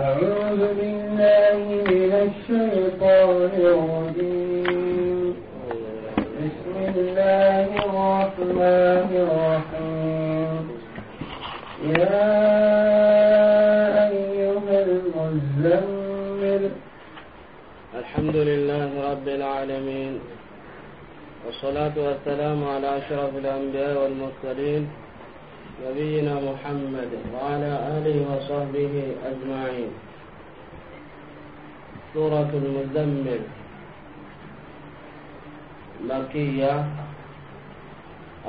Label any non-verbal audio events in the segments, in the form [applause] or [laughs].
أعوذ بالله من الشيطان الرجيم بسم الله الرحمن الرحيم يا أيها المزمل الحمد لله رب العالمين والصلاة والسلام على أشرف الأنبياء والمرسلين نبينا محمد وعلى آله وصحبه أجمعين سورة المزمل مكية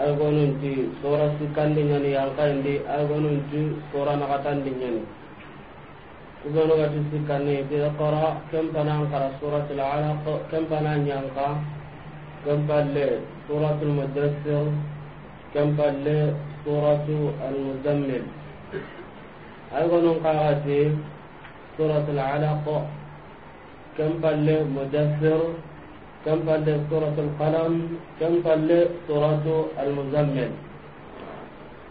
أقول أنت سورة سكان لنا يلقين دي أقول أنت سورة نغتان لنا إذا نغت سكان إذا قرأ كم فنان قرأ سورة العلاق كم فنان يلقى كم فنان سورة المدسر كم فنان سورة المزمل أيضا قالت سورة العلق كم قال مدثر كم قال سورة القلم كم قال سورة المزمل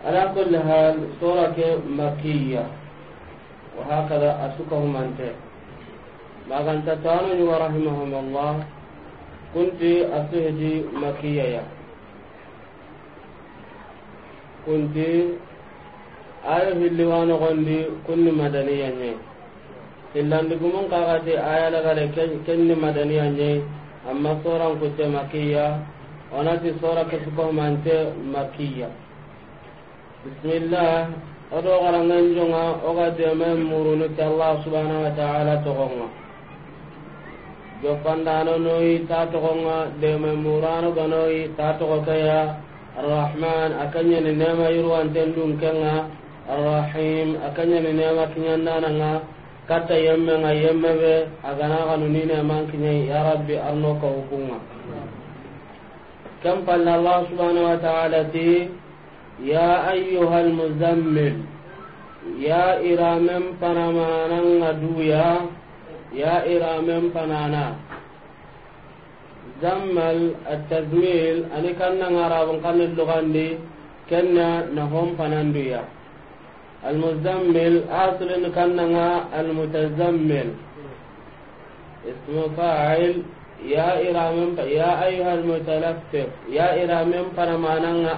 على كل حال سورة مكية وهكذا أشكهم أنت ما كانت تعلم ورحمهم الله كنت أسهدي مكية يعني. kunti ayo hilli wano gondi kunni madaniya nye hillandi gumun kakati aya lagare kenni madaniya nye amma soran kutte makiya onati sora kesukohmante makiya bismillah odo garanganjonga oga deme murunuti allah subhanahu wa taala togonga jopandanonoyi ta togonga deme murano ganoyi ta togokeya الرحمن أكنين نعمة يروان تندون كنا الرحيم أكنين نعمة كنين نانا katta yemme nga yemme be agana ganu ni ne ya rabbi arno hukuma kam allah subhanahu wa ta'ala ti ya ayyuhal muzammil ya panamana nga duya ya panana jammal atazmil ani kanna ngarabon kanne logandi kenna na hom pananduya al muzammil aslan kanna nga al mutazammil ismu fa'il ya iramin ya ayha al mutalaffif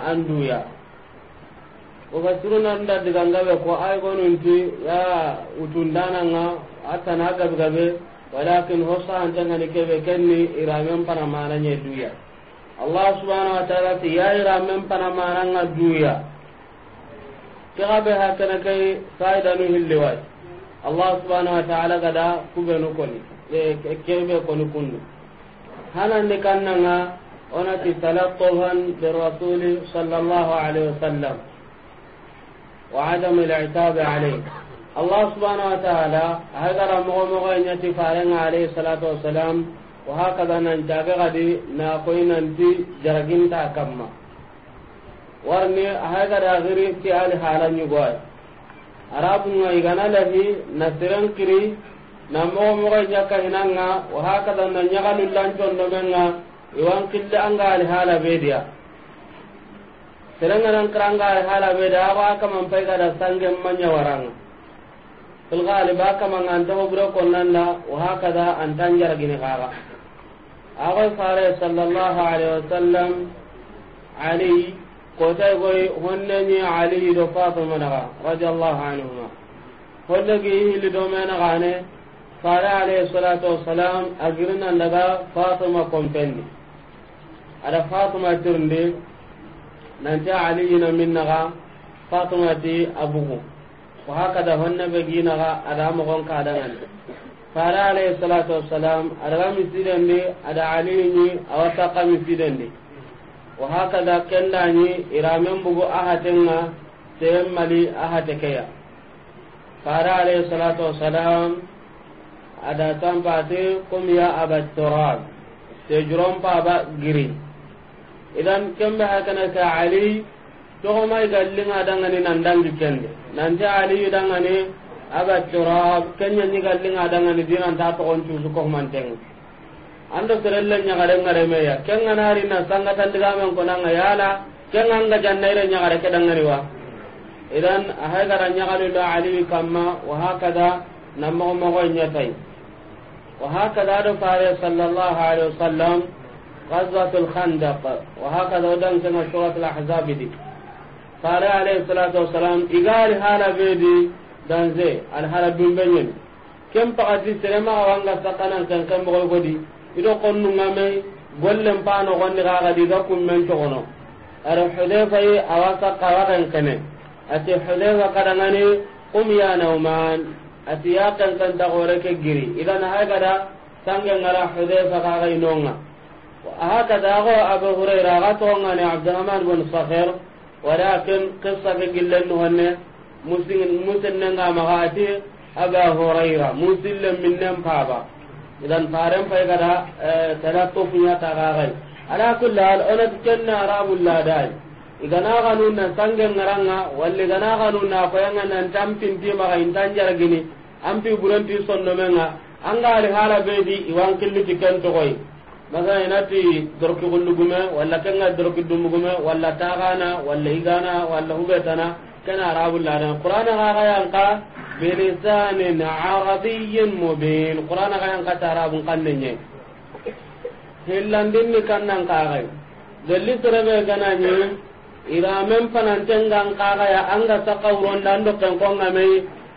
anduya o ga suruna nda diga ngabe ko ay gonunti ya utundana nga atana gabe gabe walakin hosa an tan ngani kebe kenni iramen pana mana nye duya allah subhanahu wa ta'ala ti ya iramen pana mana nga duya kaga be hakana kai faida no hillewai allah subhanahu wa ta'ala gada kubenu koni kebe koni kundu hanande kannanga onati talattuhan birasuli sallallahu alaihi wasallam wa adam al-i'tab alayhi allah subhanahu wa ta'ala hagara mogo mogo nyati farenga alayhi salatu wassalam wa hakaza nan jaga gadi na koinanti jaraginta kamma warni hagara giri ti ali halanyu goy arabu nga igana lahi na siren kiri na mogo mogo nyaka hinanga wa hakaza nan nyagalu lantondo menga iwan kille anga ali hala bedia sirenga nan kranga ali hala bedia wa kaman pay kada sangen manya waranga kulgaliba kama nga antoko buro konnanda wahakada antan jaragini kaga agoy fare sallallahu alaihi wasallam ali kotai goy honne ni ali do fatima naga radiyallahu anhuma honne gi hili do mena gane fare alaihi salatu wasalam agirina ndaga fatima kompenni ada fatima tirndi nanti ali ina minnaga fatima ti abugu wa hakada honna be gina ga ada mo gon ka da ngani fara alayhi salatu wassalam ada mi sidande ada ali ni awata qami sidande wa hakada kenda ni iramen bugo ahatenga temmali ahatekeya fara alayhi salatu wassalam ada tampati kum ya abat turab tejuron paba giri idan ka nan dangi kende nanti aliyu dangane aga turab kenya ni gallinga dangani dinan ta to kontu su ko manteng ando terelle nya gare ngare me ya kenga nari na sangatan diga men ko nanga yala kenga anga jannaire nya gare kedangari wa idan ahay gara nya gare do aliyu kamma wa hakada namma mo ko nya tai wa hakada do fare sallallahu alaihi wasallam غزوة الخندق وهكذا ودن كما سورة الأحزاب دي fare alayhi salatu wassalam igari hala bedi danze al hala dumbenyen kem pakati serema wanga sakanan kan kan mo godi ido konnu ngame gollem pano gonni ga gadi ga kum men to gono ara hudayfa yi awasa qawaran kane ati hudayfa kadangani qum ya nauman ati ya kan kan ta gore ke giri idan ha gada sangen ngara hudayfa ga ga inonga wa haka da go abu hurairah ga to ngani abdurrahman bin sakhir walakin qissa ke gillen no honne musin musin nan ga magati aba hurayra musillan min nan baba idan faran fay kada eh, talattu nya ta ga gai ala kulli hal ona kenna arabul ladai igana ganu na sange ngaranga walle gana ganu na koyanga nan tampin di maga intanjar gini ampi buranti sonno anga ari hala be di masa inati doroki kundugume wala kenga doroki dumugume wala tagana wala higana wala hubetana kena arabu lana quran ha ga yanka bilisan arabiy mubin quran ga yanka arabu kanne hillandin ni kannan ka ga dalli tarabe gana ni iramen panan tengan ka ga anga saqawron dan do kan ko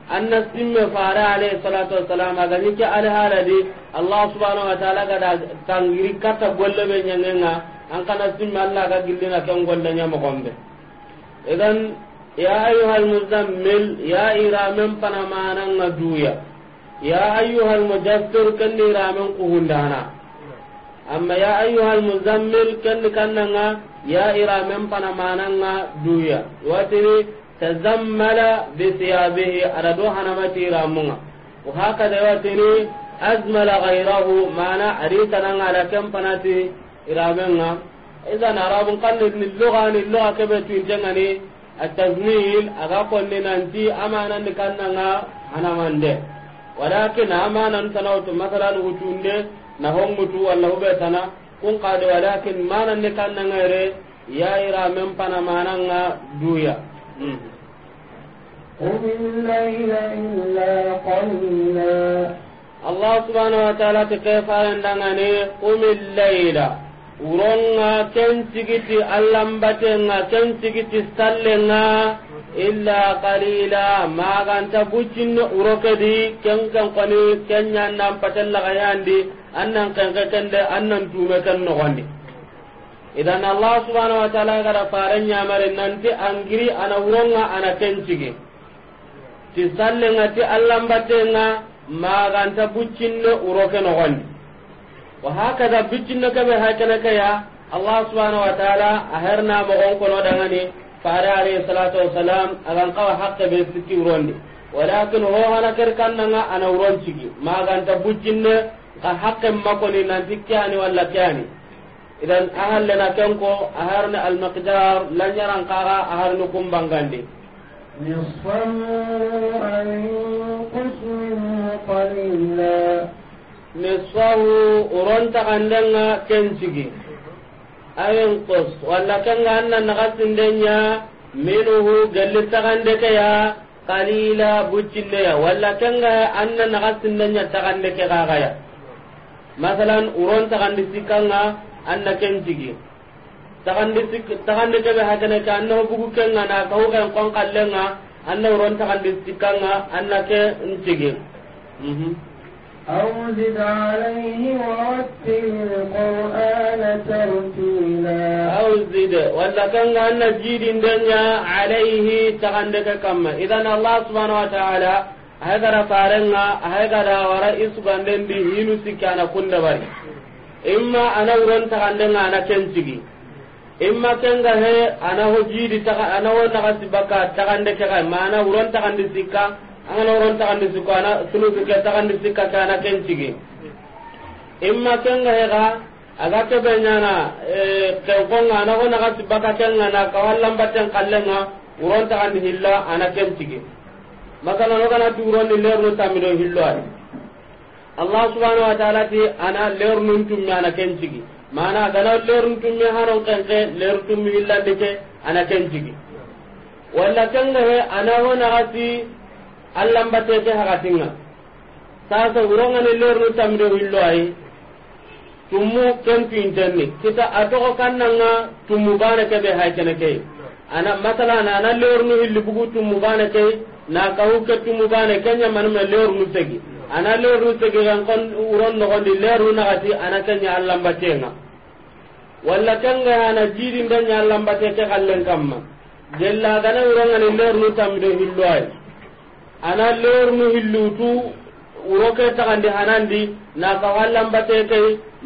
anna simme fare alayhi salatu wassalam aga nike haladi allah subhanahu wa ta'ala gada tangiri kata golle be nyangenga an kana simme allah ga gillina ken golle nyama gombe idan ya ayyuhal muzammil ya iramen panamana nga duya ya ayyuhal mujassir ken iramen kuhundana amma ya ayyuhal muzammil kan kannanga ya iramen panamana nga duya watini tazammala bisiyabihi ada do hanamati ramunga wa hakada watini azmala ghayrahu mana aritananga ala kempanati iramenga idan arabun kanni ni lugha ni lugha kebe tunjangani التزميل أغاقل ننتي أمانا نكننا أنا من ده ولكن أمانا تنوت مثلا وتون ده نهم متو ولا بيتنا كن قاد ولكن ما نكننا غيره يا إرا من دويا قم الليل إلا قليلا الله سبحانه وتعالى تكيف عندنا قم الليل uronga ken sigiti allambatenga ken sigiti sallenga illa qalila maganta buccinne urokedi ken ken koni ken ñannan patellagayandi annan kenke kende annan tume ken nogondi idan allah subhanahu wa ta'ala gara faran nyamare nanti angiri ana wuronga ana tencige ti salle nga ti allah mbatte nga maganta buccinne uroke nogondi wa hakada buccinne kebe hakana kaya allah subhanahu wa ta'ala aherna mogon kono dangani fare alayhi salatu wa wassalam agan kawa hakke be sikki urondi walakin ho hana ker kannanga ana uroncigi maganta buccinne ka hakke makoni nanti kyani wala kyani idan ahallena kenko aharni almiqdar lanyaran kara aharni kumbangandi nisfahu uronta kandenga kensigi ayinkus walla kenga anna nakasindenya minuhu gellitakandekeya kalila buccinneya walla kenga anna nakasindenya takandeke kakaya masalan uronta kandi sikkanga anna ken jigi taxandi da hakene ke anna bugu kenga na kahu ken kon kallenga anna wuron taxandi sikkanga anna ke njigi أو زد عليه ورتل القرآن ترتيلا أو زد ولا كان أن جيد الدنيا عليه تغندك كما إذا الله سبحانه وتعالى هذا رفارنا imma ana wuron taxande nga ana ken sigi imma kenga he ana ho jiidi ana ho naxasi bakka taxande kexa ma ana wuron taxandi sikka angana wuron taxandi sikko ana sunusu ke taxandi sikka ke ana ken sigi imma kenga he xa aga keɓe e, ko kenkonga ana ho naxasi bakka kenga na ka kawallambaten qallenga wuron taxandi hilla ana ken sigi masalan ogana ti wuronni leernu tamido hillo ani allah subhanahu wa ta'ala ti ana ler nun ana ken cigi mana gana ler nun tummi haron kenke ler tummi hillande ke ana ken cigi walla kenga he ana wona gati allah mbate ke hagatinga sasa wurongani ler nun tamde hillo ay tumu ken pintenni kita atoko kannanga tumu bana ke be hay kenake ana masalan ana ler nu hilli bugu tummu bana ke na kahu ke tummu bana kenya manum ler tegi ana leru tegen kon uron no gondi leru na gati ana tanya allah na walla kanga ana nda dan allah batete kallen kamma gella gana uronga ni leru tam tamdo hilloy ana leru nu hillutu kan tagandi hanandi na ka wallan batete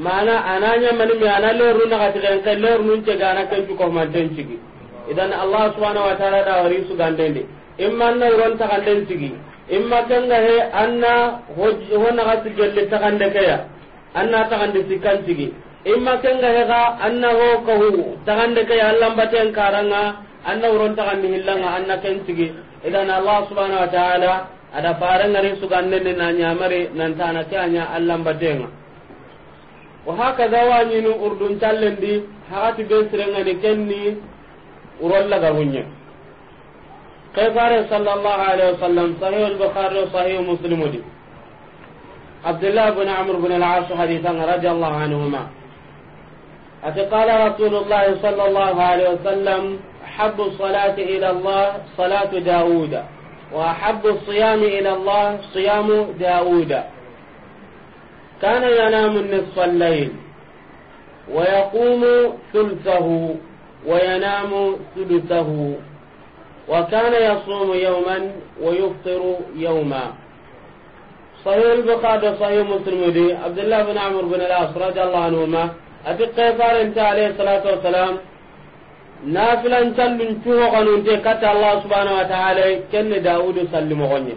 mana ananya mani mi ana leru na gati len ka leru nu ce gana kan ko ma den idan allah subhanahu wa ta'ala da wari su gandende imma na uron den cigi imma kenga he anna honaxa si gelle tagande keya anna taxandi sikkantigi imma kenga he ga anna ho kahu taxande keya allambaten karanga anna wuron tagande hillanga anna ken sigi idan allah subhanahu wa taala ada suganne ne na ñamari nantana ke aña allambatenga wa hakaza wañini urdun tallendi haxati be ne kenni urollagaguñe kay fare sallallahu alaihi wasallam sahih al-bukhari wa sahih muslim di abdullah ibn amr ibn al-as hadithan radiyallahu anhuma ati qala rasulullah sallallahu alaihi wasallam حب الصلاة إلى الله صلاة داوود وأحب الصيام إلى الله صيام داوود كان ينام نصف الليل ويقوم ثلثه وينام ثلثه وكان يصوم يوما ويفطر يوما صحيح البخاري صحيح مسلم دي عبد الله بن عمر بن العاص رضي الله عنهما أتي قيصر انت عليه الصلاة والسلام نافلا تلن توغن أنت كت الله سبحانه وتعالى كن داود سلم غني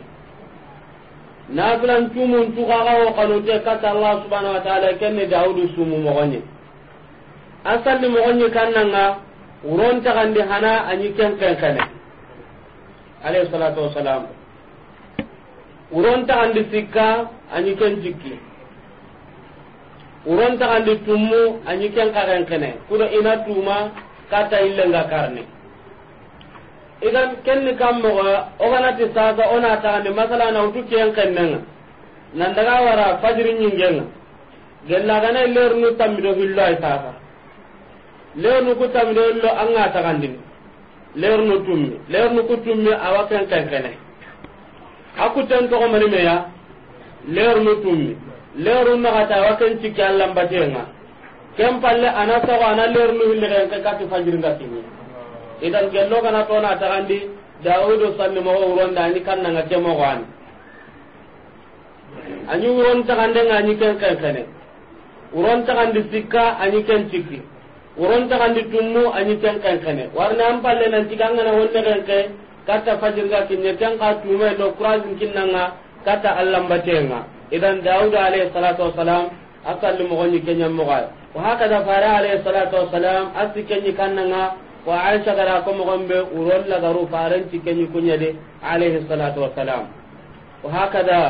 نافلا تومن توغا وقن أنت كت الله سبحانه وتعالى كن داود سوم غني أسلم غني كان نعى ورون تغني هنا أني كن كن كنه alayhi salatu wa wassalam uronta andi sikka anyi ken jikki uronta andi tummu anyi ken karen kene kudo ina tuma kata illenga karne idan kenni o kammoga oganati sasa ona ta taandi masala na utu ken kennenga nandaga wara fajiri ñingenga gellagana leernu tammido hillo ay sasa lernu ku tammido hillo anga tagandini lernu tummi lernu ku tummi awa ken kankene akuten togomani meya lernu tummi leru naxata awa ken cikki nga. ken palle ana sago ana lernu hillexenke kati fajiringa kinni idan gello gana tona taxandi daudu sanni moxo wuronda ani kannanga ke moxo ani ani wuron taxandenga ni ken kenkene wuron taxandi sikka ani ken cikki uron ta kandi tummu anyi tan kan kane warna am palle nan tikanga na wonne kan ke kata fajir ga kinne tan ka tume lo kurazin kinnanga kata allah batenga idan daud alayhi salatu wasalam akal mo gonni kenya mo ga wa da fara alayhi salatu wassalam asikenyi kannanga wa aisha gara ko mo gombe uron la garu faran tikenyi kunya de alayhi salatu wa haka da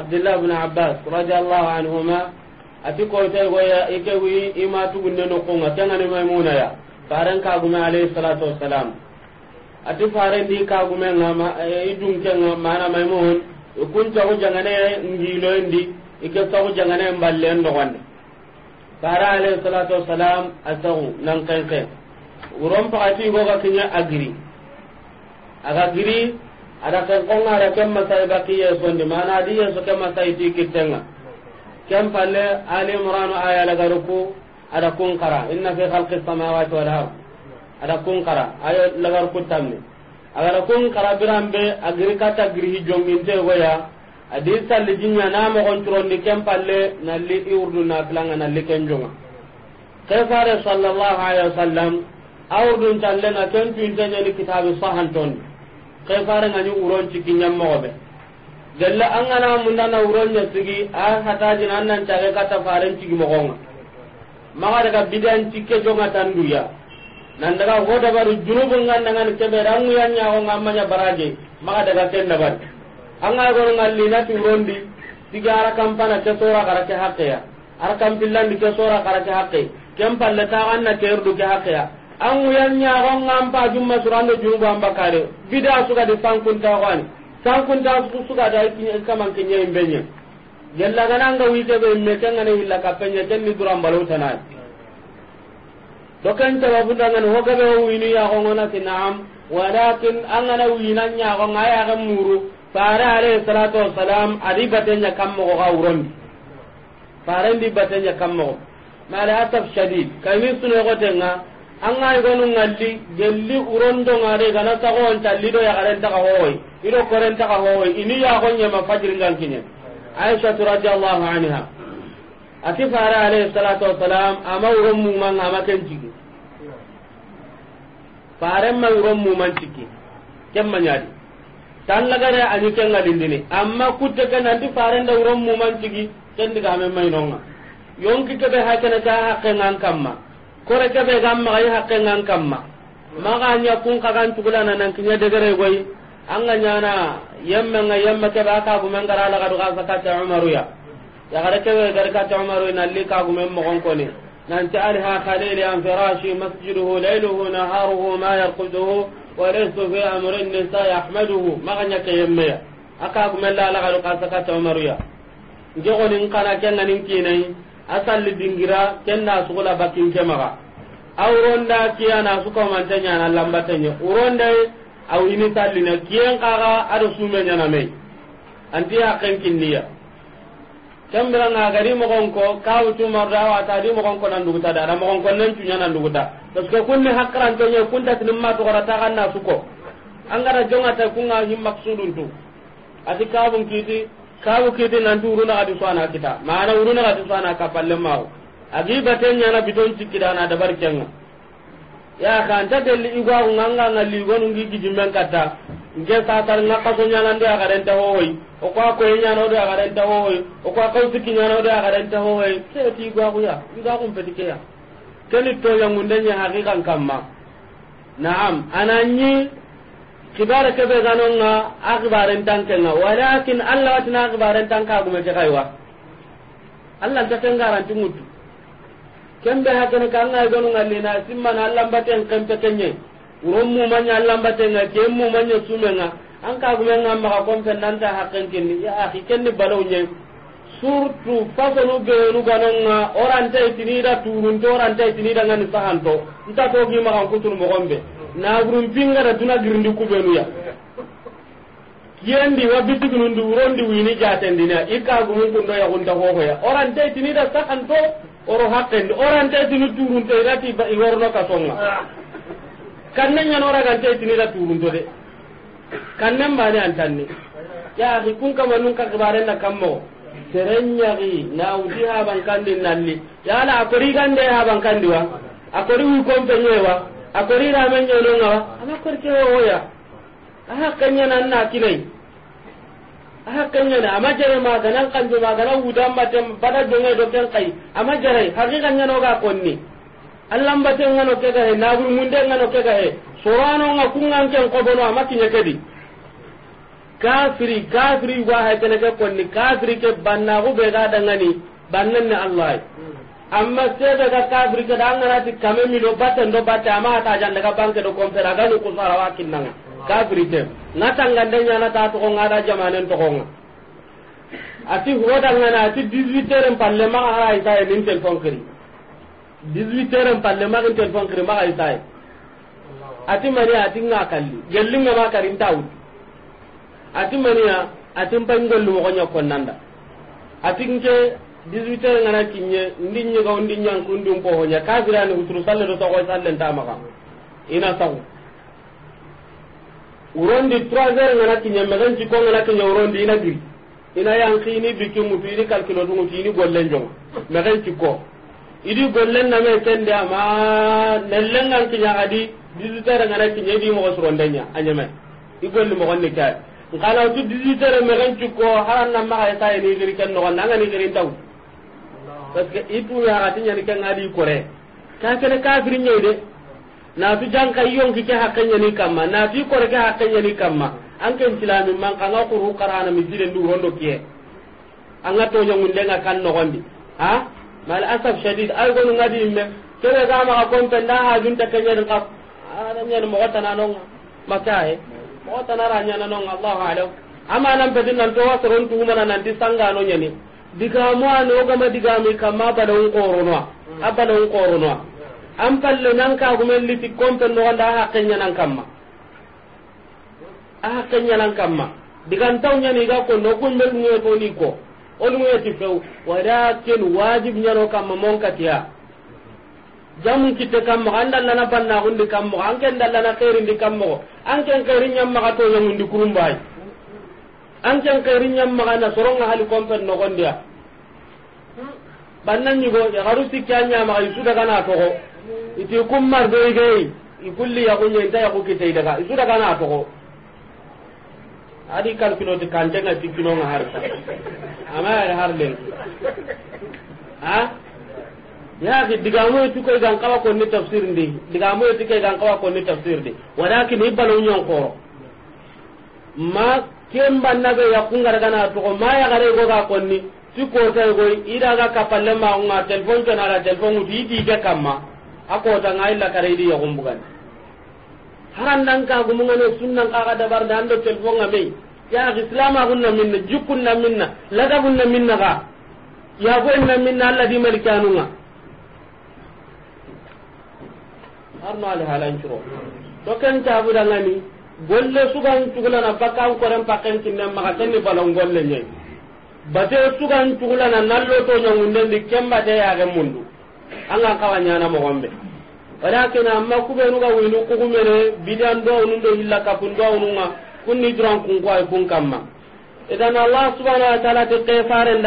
عبد الله بن عباس رضي الله عنهما ati kowtai goya ike wi ima tugunne nokonga kengani maimuna ya faren kagume alayhi salatu wassalam ati faren di kagume nga e, idun kenga mana maimun kun tagu jangane ngilo ndi ike tagu jangane mballe ndogonde fara alayhi salatu wassalam asagu nan kenke uron pakati goga kinya agiri aga giri ada kan konga ada kemma sai bakiye sonde mana diye so kemma sai tikitenga كم فل آل عمران آية لغرقو أدا كون قرا إن في خلق السماوات والأرض أدا كون قرا آية لغرقو تامني أدا كون قرا برام بي أغريكاتا غريه جونجينتي ويا adi salli jinya na mo kontrondi kem palle na planga nalli kenjonga kefare sallallahu alaihi wasallam awurdun talle na tentu intanya ni kitabu sahan ton kefare ngani uron cikinya mo jalla an gana munda na uronya sigi a hata jin an nan ka ta faran gonga ma ga daga bidan cike jonga duya nan daga ho baru junubun ngan nan mu yan yanya ho ngamanya baraje ga daga ten dabar an ga gonu ngalli na diga ara kampana ke sora kara ke ya ara kam billan ke sora kara ke hakke kem palle ta ter du ke ya an yan ho ngam pa jumma surando junubu ambakare bidan suka di fankun ta wani su sankunta sugada kaman kenya imbenya yalla gana nga wite be me kanga ne willa kapenya kenni duran balutana to kan tawa bunda ngani hoga be wini ya hongona tinam walakin angana winan nya ko ngaya ga muru fara alayhi salatu wassalam adi batenya kammo ko gawron fara ndi batenya kammo mala ataf shadid kayni suno ko tenga anga igonu ngalli gelli urondo ngare gana tago onta lido ya garen taga hoy ido koren taga hoy ini ya gonye ma fajr ngal kinye aisha radhiyallahu anha ati fara alayhi salatu wassalam ama uron mu man ama ken jigi faren ma uron mu man jigi kem manyadi tan lagare anyi ken ngalindini amma kutte ken anti faren da uron mu man jigi ken diga me mai nonga yonki kebe hakana ta hakken an kamma kore kebe gam ma ya hakke ngan kamma maga nya kun ka kan tugula na nan kinya degere goy an ga nyana yamma nga yamma ke ba ka gumen gara la gadu ka zakata umaru ya ya gara kebe gara ka ta umaru na li ka gumen mo gon ko ne nan ta alha khalil an firashi masjiduhu layluhu naharuhu ma yarquduhu wa laysa fi amrin nisa yahmaduhu maga nya ke yamma ya aka gumen la la ka umaru ya kana kinai asalli dingira kenna sugola bakin kemaga awronda kiya na suka manta nyana lambata nya uronda aw ini salli na kiyen kaga ado sume nyana mai anti ya kinniya kambira na gari mo gonko marda wa ta di mo gonko nan da mo gonko nan tunya nan hakran tinma to gara ta angara jonga ta maksudun tu kiti kabu kiti nanti uruna kati suana kita mana uruna kati suana kapalle mau agi batenya na biton cikida na dabar kenga ya kan ta deli igwa nganga ngali gonu ngi gijimben kata nge satar na kaso nyana ndi aga renta hoyi o kwa ko nyana ndo aga renta hoyi o kwa ko sikki nyana ndo aga renta hoyi se ti igwa ku ya igwa ku petike ya keni to ya ngundenya hakikan kamma na'am ananyi kibare kebe ganonga tanke na walakin allah watina akbaren tanka agumeke kaywa allah nta kengaranti ŋuttu kembe hakene kanga ganunga lina simmana allahnbaten kempe kenye wuron mumanya allahnbatenga ke mumanya sumena an nan ta hakkan nanta ni ya ahi kenni balow nye surtout fasonu beenu ganonga oranta itinida turunte oranta tinira ngani sahanto nta togimagan mo gombe nagurum pingara tuna girindi kubenuya yendi wa bitiginundi wurondi wini jatendinia ikagumun kundo yagunta hohoya orantaytini da sakanto oro hakkendi orantaytini turunto irati iworno kasonga kanne ñano oragantaytini da turunto de kanne mbane antanni yaaki kun kama nun ka kibarenna kammogo seren ñaki nawuti habankandi nalli yala akori gande habankandi wa akori wa. akori ramen nyolo ngawa ama korke wo ya aha kanya nan na kinai aha kanya na ama jere ma ganan kan jo ma ganan udan batem bada donge do ken kai ama jere hakikan nyano ga konni allah mbate ngano ke ga he nabur munde ngano ke ga he sorano nga kungan ken ko bono ama kinya kedi kafiri kafiri wa ha kene ke konni kafiri ke banna go be ga dangani bannan ne allah hmm. amma sebe ka kafir ke dan ngana ti kame mi do batten do batte ama ta jan daga banke do kompe daga ni kusara wa kinnanga kafir ke ngata ngande nya na ta to ngada jamanen to ngonga ati ho dan ngana ati 18 heures palle ma ha ita e nin telefon kri 18 heures palle ma nin telefon kri ma ita e ati mani ati nga kalli gellinga ma karin tawut ati mani ati mbangol mo ko nyakon nanda ati nke 18 heures ngana kinye ndi nyiga ndi nyanku ndi mpoho nya kafira ni uturu salle do tokoy salle ntama kam ina sawu urondi 3 heures ngana kinye megan ci ko ngana kinye urondi ina giri ina yanki ni bikki mutu ini calculo tu mutu ini gollen jonga megan ci ko idi gollen na me kende ama nellen ngan kinya gadi 18 heures ngana kinye di mo surondenya anyame igolli mo gonni kay ngana tu 18 megan ci ko haran na ma kay tay ni giri ken no ngana ni giri tawu parce que itu ya ati nyani ke ngadi kore ka kene kafir nyoy de na tu janka yong ki ke hakanya ni kamma na tu kore ke hakanya ni kamma an ken silami man ka ga ru karana mi dire ndu rondo kiye an ga nyong nyangun nga kan no gondi ha mal asaf shadid ay gonu ngadi me kene ga ma ko tan na ha jun ta kenya ni kaf ara nyani mo ta na non makae mo ta na ra nyana non allah alam amma nan bedin nan to wasoron tu mana nan di sanga no nyani digamu ani ogama digami kamma abadan koronwa abadan koronwa an palle nan kagumen liti kompen nogonda a haqqenñanan kamma a haqqenñanan kamma digantaw ñani ga konno kunɓe ni ko o ɗuŋeti few walakin wajib ñano kamma katia jamu kitte kammoxo an dallana bannaxundi kammoxo an ken dallana xeerindi kammoxo an ken xeeri ñammaxa to ñamundi kurumbayi an can kairin nyam magana soronga hali kompen no gondia bannan ni go ya garu sikya nya ma isu daga na to iti kummar be ge ikulli ya kunya inta ya ku kite daga isu daga na to adi kalkulo ti kantenga tikino nga harta ama har harlen ha ya ki diga mo tu ko gan kawa ko ni tafsir ndi diga mo tu ko gan kawa ko ni tafsir ndi walakin ibalo nyon ko ma ken bannaɓe yakkungaragana togo ma yagare goga konni ti kotay goy idaga kapalle maxunga telephone conaga telephone ŋutu i diige kamma a kotanga illa kara idi yagumbugani harandan kagumungane sunnan kaga dabarde ando telephone nga mei ya islamagunna minna jikkunna minna ladagunna minna ga yagoinna minna allah di malikanunga harno ali halancuro to ken cabudangani golle sugan tugulana bakkan koren pakken kinnen maga tenni balon golle ñayi bate sugan tugulana nalloto ñangundendi kembate yagen mundu angan kawa ñana mogonɓe walakin amma kuɓenuga winu kukumene bidan downundo hilla kapun downunga kunni duran kunkuway kun kamma idan allah subhanau wa taala ti kefaren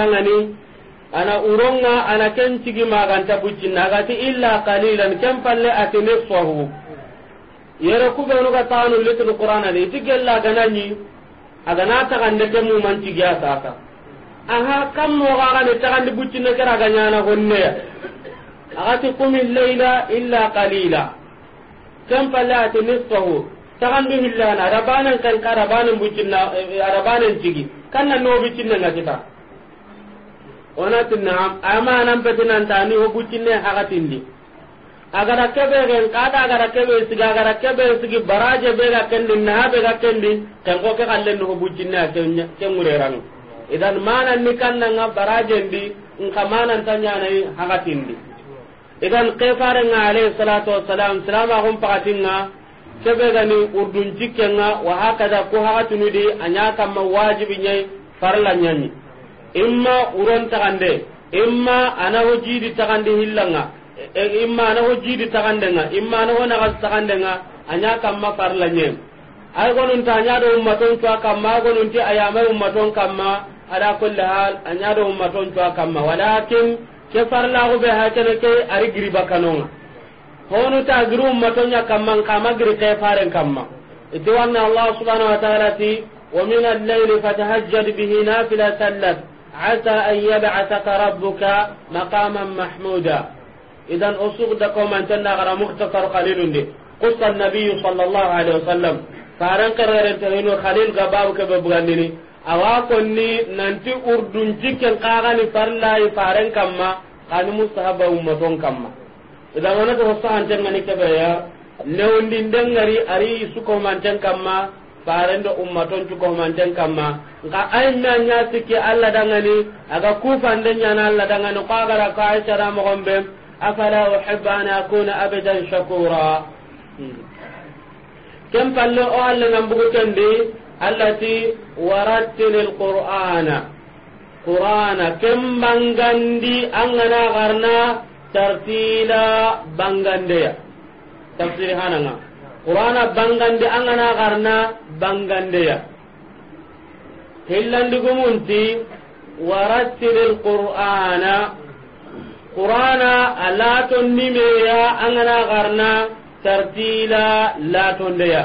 ana uronga ana ken cigi maganta buccinna agati illa qalilan ken palle ati nisfahu yere kubenu ga taanu litinu qur'anani iti gella ganani agana tagande ke mumantigiya sasa aha kam moxaxane taxandi buccine kera aga ñana honneya axati qumi leyla illa qalila ken palle ati nisfahu taxandu hillana arabanen kanka arabanen buccinna eh, arabanen cigi kanna noobicinenga kita onati naam amanan petinantani ho buccinne axatindi agara kebe gen kada agara kebe sigi agara kebe sigi baraje be ga kendi na be ga kendi kan ko ke kallen no bujin na tenya ken mure ran idan mana ni kan na nga baraje ndi in ka mana tanya na haga tindi idan qifar nga alayhi salatu wassalam salama hum pakatin nga kebe ga ni urdun jikken nga wa haka da ko haga tunidi anya kam ma wajibi nyai farla nyani imma uron takande imma anawo jidi takande hillanga imma na ho jidi tagandenga imma na ho nagas tagandenga anya kamma farla nyem ay gonun ta anya do ummaton to kamma gonun ti ayama ummaton kamma ada kulli hal anya do ummaton to kamma walakin ke farla go be ha tene ke ari giri bakanon honu ta giru ummaton ya kamma kamma giri ke faren kamma ite wanna allah subhanahu wa ta'ala ti wa min al-layli fatahajjad bihi nafilatan lak عسى أن يبعثك ربك مقاما محمودا idan usuk da ko man tan nagara mukhtasar qalilun de qissa an-nabiy sallallahu alaihi wasallam faran qararen tan no khalil ga babu ke be bugandini awa konni nanti urdun jikken kagani farlayi faren kamma kani mustahaba ummaton kamma idan wona to sahanten ngani kebeya lewndin dengari ari sukomanten kamma da ummaton cukomanten kamma nka ayimmi a ña sikki allah dangani aga kufande ñana allah dangani ko ka ko aicara mogon afala uhibbu an akuna abdan shakura kem palle o alla nan bugu kendi allati quraana alqur'ana qur'ana kem bangandi angana garna tartila bangandeya tafsir hananga qur'ana bangandi angana garna bangandeya hillandigumunti warattil quraana. qur'ana laton nimeya an angana garna tartila latondeya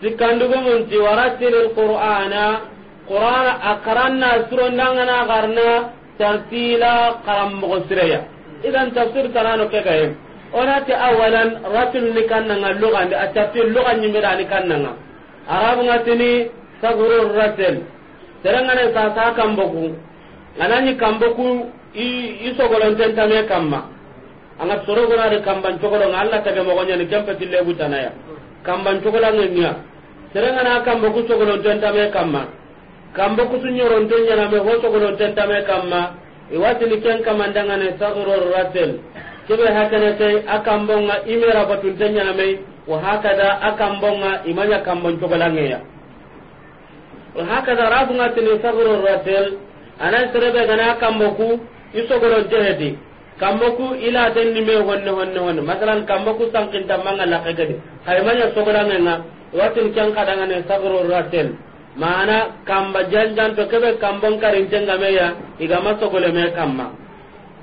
sikkandugumunti warattil alqur'ana qur'ana akaranna surondangana garna tartila karammogo sireya idan tafsir tanano kekaye onati awalan ratil ni kannanga lugandi a tartil luga ñimirani kannanga arabu ngatini sagurur ratil serengane sasa kambogu anani kambo ku i sogolonten tame kamma anga sorogonade kamban cogolonga allah tage mogoñani kempe tillebutanaya kamban cogolangenga serengana kambo ku sogolonten tame kamma kambo ku suñoronte ñaname ho sogolonten tame kamma iwatini ken kamandangane sagro ratel kebe hakenete a kambonga imera batunte ñaname wa hakada a kambonga imaña kamban cogolangeya wa hakada rabungatini sagro ratel anan serebe gana kamboku isogoro jehedi kamboku ila tenni me honne honne honne masalan kamboku sankinta manga lake gede haymanya sogorangenga watin ken ne sagoro ratel mana kamba janjan to kebe kambon karintenga meya igama sogole me kamma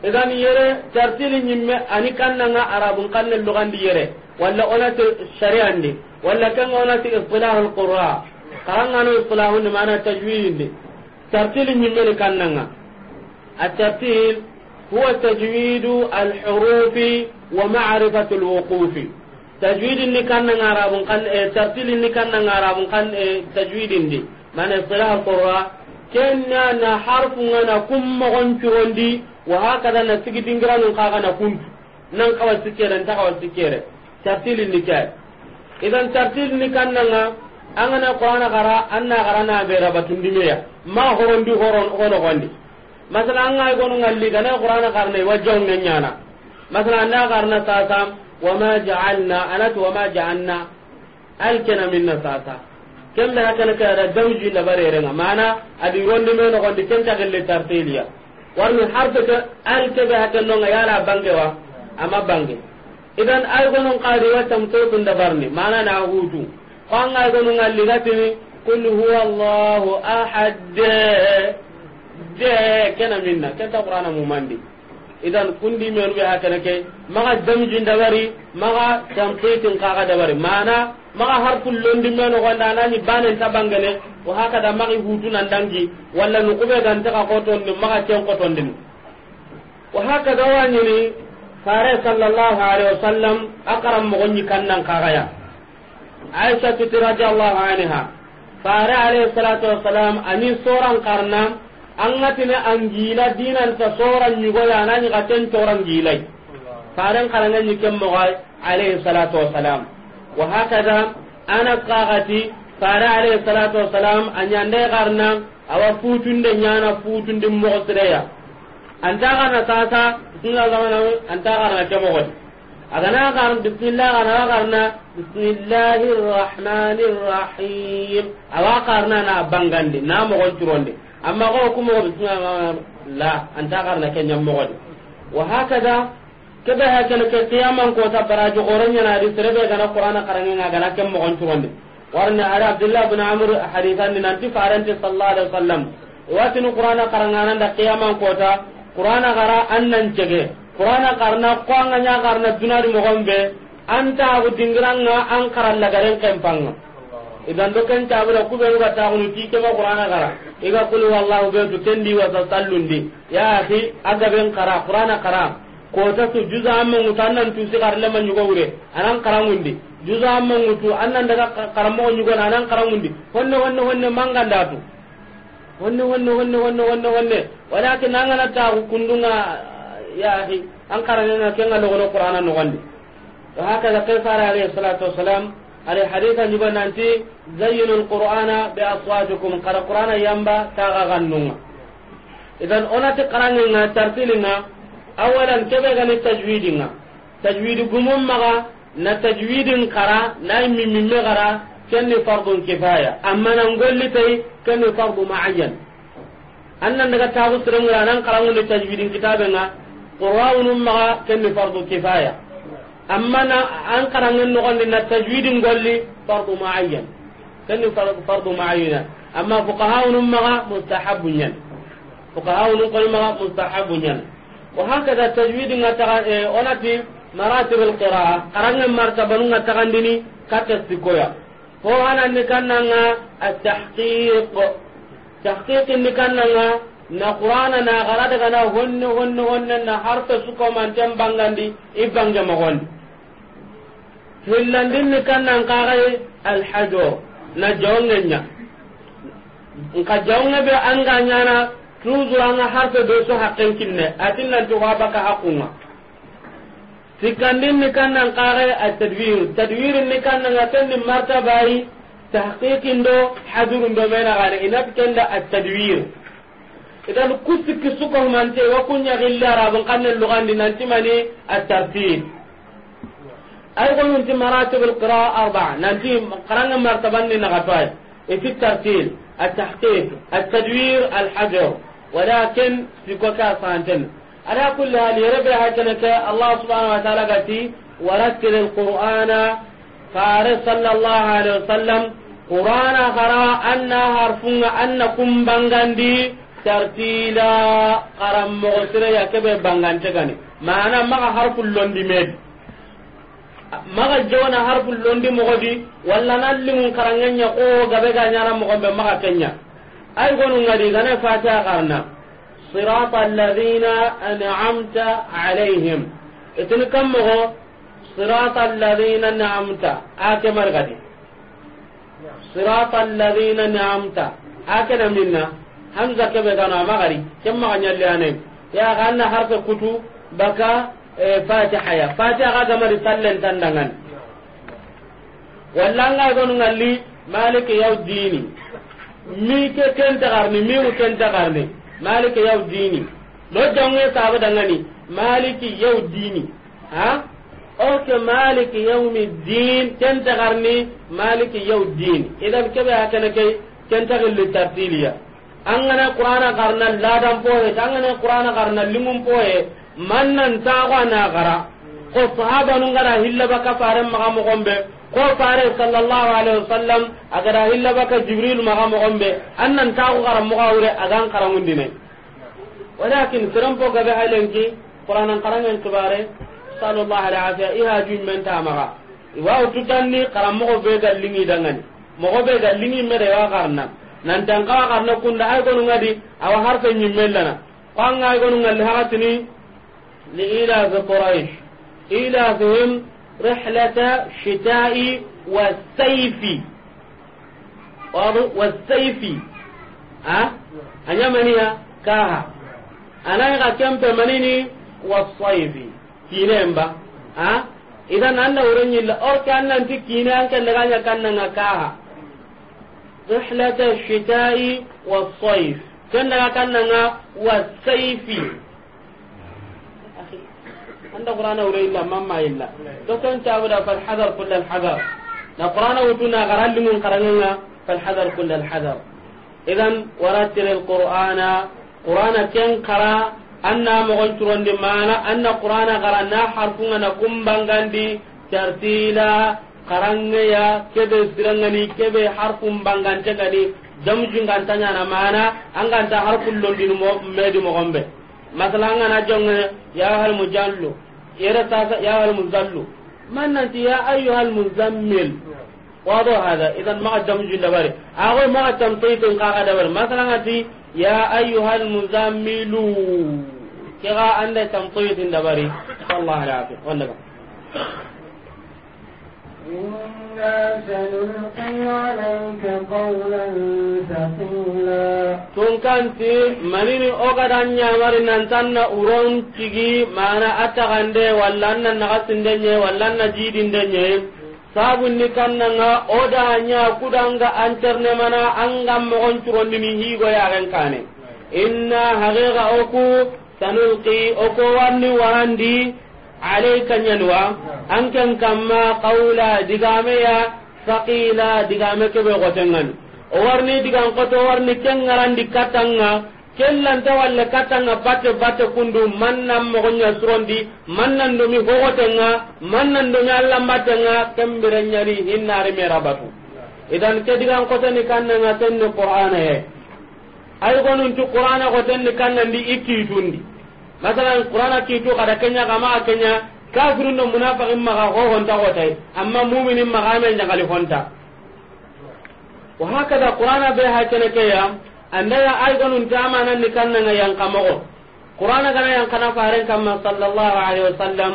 idan yere tartili nyimme ani kannanga arabun kanne lugandi yere walla onati shari'andi walla kanga onati istilahul qurra karangano istilahun mana tajwindi tartil ñimmeni kannanga a tartil huwa tajwidu alhurufi wa marifatu alwuqufi tajwidinni kannanga arabun kan e tartilinni kannanga arabun kan e tajwidindi mane filaha korra na harfu na kum mogon curondi wa hakada na sigi dingira nun kaga na kunt nan kawa sikere nta kawa sikere tartil ni kay idan tartil ni kannanga angana qur'ana gara anna gara na bera batundimiya ma horondi horon hono hondi masala an ngay gonu ngalli gana qur'ana karne wajjaw men nyana masala anda karna sasam wa ma ja'alna anatu wa ma ja'alna alkana minna sasa kem da hakana kara da dawji la barere nga mana adi wonde men ko gondi kenta ta gelle tartiliya warni harfe ka alke be hakan no nga yala bange wa amma bange idan ay gonu qadi wa tamtu tun da barni mana na hutu ko an gonu ngalli gatini قل هو الله أحد de kena minna kenta qur'ana mumandi idan kundi meru be hakana ke maga damjin dabari maga tampitin kaga dabari mana maga har kullondi meno gonda nani banen tabangane wa haka da magi hutu nan dangi walla nu kube gan ta koton ni maga ten koton din wa haka da wani ni fare sallallahu alaihi wasallam akaram mo gonni kannan kaga ya aisha radhiyallahu anha bare alayhi salatu wassalam ani soran karna angatine angila dinanta soran ñugoya ananiga ken coran gilay faren karanga ñiken mogoy alayhi salatu wassalam wa hakada ana kagati fare alayhi salatu wassalam añande karna awa futunde ñana futundi mogo sireya anta na sasa nga zamana anta na ke mogodi agana gar bismillah gana garna bismillahir rahmanir rahim awa karna na bangandi na mo gontironde amma ko kuma ko bismillah la anta garna kenya mo wa hakada kebe hakana ke qiyaman ko ta barajo goronya na di serebe gana qur'ana karanga na gana mo gontironde warna ala abdullah ibn amr hadithan ni nanti farante sallallahu alaihi wasallam watinu qur'ana karanga nan da qiyaman ko ta qur'ana gara annan jege kurana karna kwanga nya karna dunari mo gombe anta go dingiranga an karan la kempang kempanga idan do kan ta bura kube ga ta kunu ti ke ma qur'ana kara iga kul wallahu be to tendi wa tasallundi ya akhi aga ben kara kurana kara ko ta tu juza amma mutannan tu si karle man yugo wure anan karamundi juza amma mutu annan daga karamo yugo anan karamundi honne honne honne manganda tu honne honne honne honne honne honne walakin nan ana ta kundunga ya akhi an karanga kenga logono qur'ana no gondi to haka da kai fara alayhi salatu wassalam ale haditha ni bananti zayyinu alqur'ana bi aswatikum qara qur'ana yamba ta taga gannunga idan onati qaranga na tartilinga awalan kebe gani tajwidinga tajwidi gumum maga na tajwidin qara na mimimme qara kenni fardun kifaya amma nan golli tay kenni fardu ma'ayyan annan daga tagu sirengra nan qarangu ni tajwidin kitabenga qur'anun ma kenni fardu kifaya amma na an karangen no gondi na tajwidin golli fardu muayyan kenni fardu muayyana amma fuqahaun ma mustahabun yan fuqahaun qul ma mustahabun yan wa hakada tajwidin ta e, onati maratib alqiraa karangen martabanun ta kandini kata sikoya ko hanan ni kannanga at na qur'ana na gara daga na honne honne honne na harta su ko man tan bangandi ibanga ma gondi hillan ni kan nan kaare al hajo na jawngenya nka jawnga be na nyana toujours anga harta do su hakken kinne atin nan to baka hakunga sikandin ni kan nan kaare al tadwir tadwir ni kan nan atan ni martabai tahqiqin do hadurun do mena gare inat kenda al tadwir idan kusiki sukohumante wa kuñagille arabun kanne lugandi nantimani attartib ay gonunti maratib alqiraa arbaa nanti qaranga martabanni nagatoay iti tartil altahqiq altadwir alhajar walakin sikoka santen ala kulli hal yerebe hakeneke allah subhanau wa taala gati warattil alqur'ana fare sala allahu alihi wasallam qur'ana hara anna harfunga anna kumbangandi tartila karammogo sireya keɓe bangantegani mana maga harful londi medi maga jona harfu londi mogodi walla nan lingun karangenya ko gabe ga nyana mogonɓe maga kenya ay gonu ngadi gane fatiha karna sirata alladina an'amta alayhim itin kam mogo sirata alladina an'amta ake margadi sirata alladina an'amta ake na minna hamza kebe gano amagari kemma ganyalle anay ya ganna harfe kutu baka e, fatiha ya fatiha ga gamari sallen tandangan wallanga gonu ngalli malik yaw dini mi ke kenta garni mi mu kenta garni maliki yaw dini do jange sabu dangani malik yaw dini ha oke maliki yawmi din kenta garni maliki yaw din idan kebe hakana kai kenta gilli tartiliya angana qur'ana garna ladan poye tangana qur'ana garna limum poye mannan tawa na gara ko sahaba nun gara hilla baka faran maga mo gombe ko fare sallallahu alaihi wasallam agara hilla baka jibril maga mo gombe annan tawa gara mo gawre agan karangundi ne walakin siran po gabe halenki qur'ana karangen kibare sallallahu alaihi wasallam iha jun men ta maga iwa utudanni karamogo be gallingi dangani mogo be gallingi mere wa garna ka kawa na kunda ay gonu ngadi awa nyimme lana kwanga ay gonu ha tini li ila za quraish ila zum rihlata shita'i wa sayfi wadu wa sayfi ha anyamaniya kaha anay ka kempe manini wa sayfi kinemba ha idan anda urenyi la orka annan tikina kan laganya ka ha. رحلة الشتاء والصيف كان لك كان والسيف أخي عند قرآن ولا إلا مما إلا لو كنت أولا فالحذر كل الحذر نقرأنا وتنا غرال من قرآننا فالحذر كل الحذر إذا ورتل القرآن قرآن كن قرأ anna mogon curondi mana anna qur'ana gara na harfunga na kumbangandi tartila karangeya kebe sirangani kebe harfun bangante gani jamju nganta nyana mana anganta harfun londinu mo medi mo gombe masala ngana jonge ya hal mujallu yere tasa ya hal muzallu man nanti ya ayyuhal muzammil wado hada idan ma jamju dabare ago ma tamtaytun kaga dabare masala ngati ya ayyuhal muzammilu kira anda tamtaytun dabare sallallahu alaihi wa sallam إنا سنلقي عليك قولا ثقيلا تنكنتي منين أغدان يامر ننتن أورون تيجي معنا أتغندي ولا نغسن دنيا ولا أن جيدين دنيا sabunni kannanga oda nya kudanga anterne mana angam mogon curondini higo yaren kane inna haqiqa oku sanulqi oko warni warandi alayka nyalwa an kan kamma qawla digame ya saqila digame ke be gotengan o warni digan ko to warni kengarandi katanga kellanta walla katanga batte batte kundu mannan mogonya surondi mannan domi hogotenga mannan domi allah mbattenga kembire nyani me rabatu. idan ke digan koteni kannanga tenne qur'ana he ay gonunti qur'ana kotenni kannandi ikkiitundi masalan qur'ana ki to kada kenya kama kenya kafirun no munafiqin ma ko honta hotai amma mu'minin ma kama nyangali honta wa hakada بها be ha kene a ya andaya aiganun tamana ni kannanga yang kamago qur'ana kana yang kana faran kama sallallahu alaihi wasallam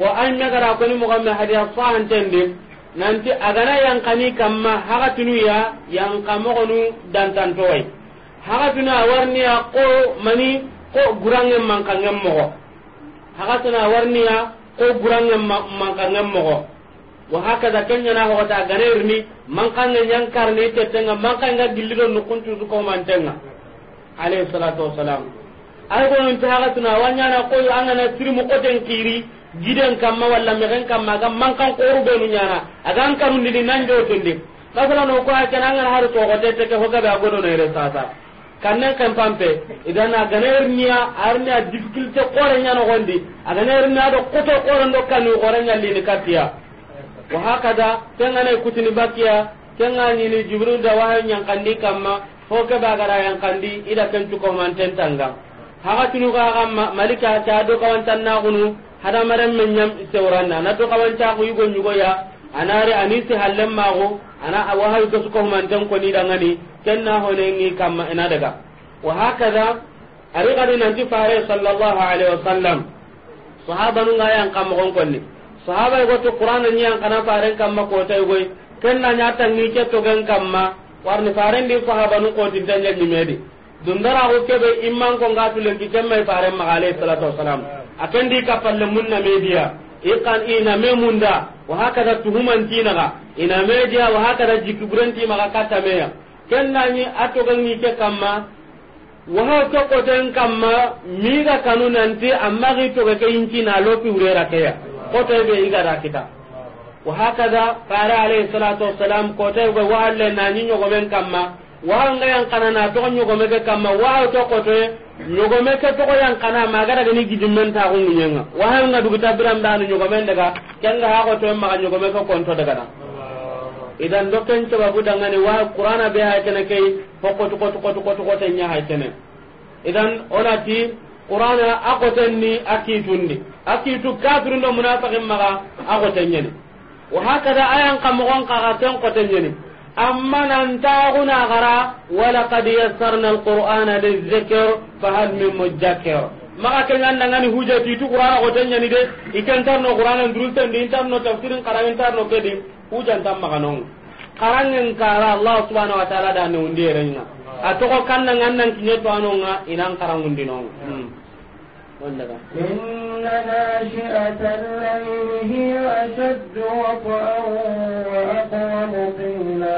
wa an nagara ko ni nanti agana yang kamma haga tunu ya yang kamu nu dan tantoi haga tunu ya ko mani ko gurange mankange mogo hakatana warniya ko gurange mankange moko wa karne te hogota ganayirni mankange ñankarni no mankange du ko mantenga alayhi salatu wasalam ay gononti na ko koy angana sirimu koten kiri giden ma walla mexen kamma aga mankan ni ñana agan karundini nanjotundi masalan o ko te ken angana har toxotete ke hogabe a sa sa. kanne kan pampe idana ganer niya arna difficulty qore nya no gondi aganer na do koto kore ndo kanu kore nya lini katia wa hakada ne kutini bakia tenga ni jibril da wa nya kandi kama ho ke bagara yang kandi ida ken cuko manten tanga haga tinu ga gamma malika ta do kawan tanna gunu hada maran men nyam na do kawan ta ku yugo nyugo ya anare anisi go ana wa ko yugo man manten ko ni dangani kenna honengi kamma ina daga wa hakaza ari gadi nanti fare sallallahu alaihi wasallam sahaba nu ga yan kamma gon konni sahaba go to qur'ana ni yan kana fare kamma ko tay goy kenna nyata ni ke to gan kamma warni fare ndi sahaba nu ko tin tanya ni medi dundara ke be imman ko ngatu le ki kemme fare ma alaihi salatu wasalam ka palle munna media ikan ina memunda wa hakaza tuhuman tinaga ina media wa hakaza jikubrenti maka kata meya kendani ni ke kamma waha ke koten kamma miga kanu nanti amma gi toge ke inci na lopi urera ko kote be iga rakita wa hakada qala alayhi salatu wassalam kote be wahalle nani nyogo men kamma wa nga yang kana na to nyogo meke kamma waha to kote nyogo ke to ko yang kana magara gani men ta ko nyenga wa nga dugita biram danu nyogo men daga kenga ha ko to maga me ko konto daga na idan do ken sababu dangane wa qur'ana be ha kene kai hokoto koto koto koto koto nya ha kene idan onati qur'ana akotenni akitundi akitu kafiru no munafiqin maga akotenyeni wa hakada ayan kamogon kaga ken kotenyeni amma nan taaguna gara walaqad yassarna alqur'ana lizikr fahal min mudakkir maga kengan dangani hujati tu qur'ana kotenyeni de ikan tarno qur'ana durusen di tarno tafsirin qara tarno kedi ujantan maganongu karangen kara allah subhanahu wa ta'ala da ne undi erenga atoko kanna ngannan kinye to anonga inan karangundi nonga hmm. wanda inna nashi'atal layli hiya ashaddu waqa'an wa aqwamu qila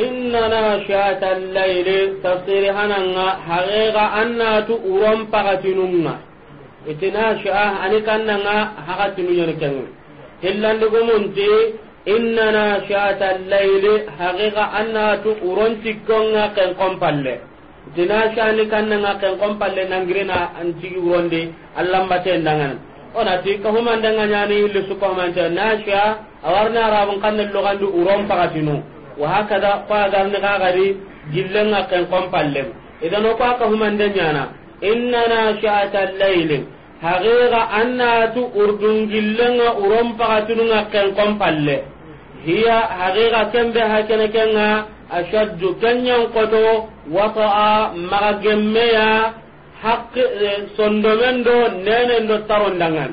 inna nashi'atal layli tafsir hananga haqiqa annatu uram pagatinunga itina sha'a ani kannanga haqatinu yonkenga hillandugumunti inna na shata laili haqiqa anna tu uronti konga ken kompalle dina shani kanna nga ken kompalle nangrina anti uronde allamba tendangan ona ti ka man ndanga nyani le su ko man ta nasha awarna rabun kanna lugandu uron pagatinu wa hakada kwa garne ga gari gillenga ken kompalle idan ko ka huma ndanya na inna na shata laili haqiqa annatu urdungillenga uronpakatununga kenkon palle hiya haqiqa kembe hakene kenga ashaddu kenyan koto wata'a maga gemmeya haqqi eh, sondomen do nenen do tarondangan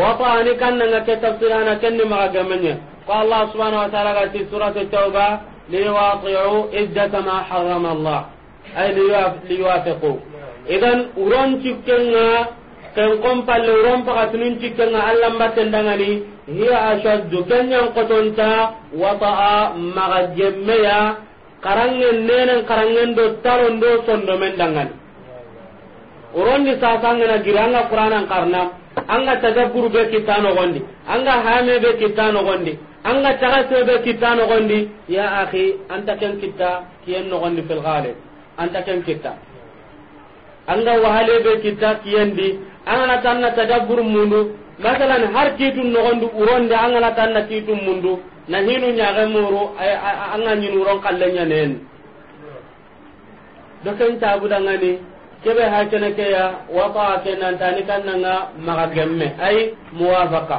wata'a ni kannanga ke tafsirana kenni maga gemmenya ko allah subhanahu wa ta'ala gati suratu tauba liwati'u iddata ma harama allah ay liwafiqu idan uronci kenga ken kon palle ron pakatunun cikkenga allahnbattendangani hiya ashaddu kenyan kotonta wata'a maga jemmeya karangen nenen karangen do taron do sondomen dangani orondi sasangana giri anga qur'anan karna anga tadabburu be kitta nogondi anga hame be kitta nogondi anga tagase be kitta nogondi ya akhi anta ken kitta kiyen nogondi fil ghalib anta ken kitta anga wahale be kita kiyandi angana tanna tadabbur mundu masalan har kitun nogondu uronde angana tanna kitun mundu na hinu nyaage muru anga nyinu ron kallenya nen dokan tabu dangani kebe ha kene ke ya wata ke nan tani kannanga maga gemme ay muwafaqa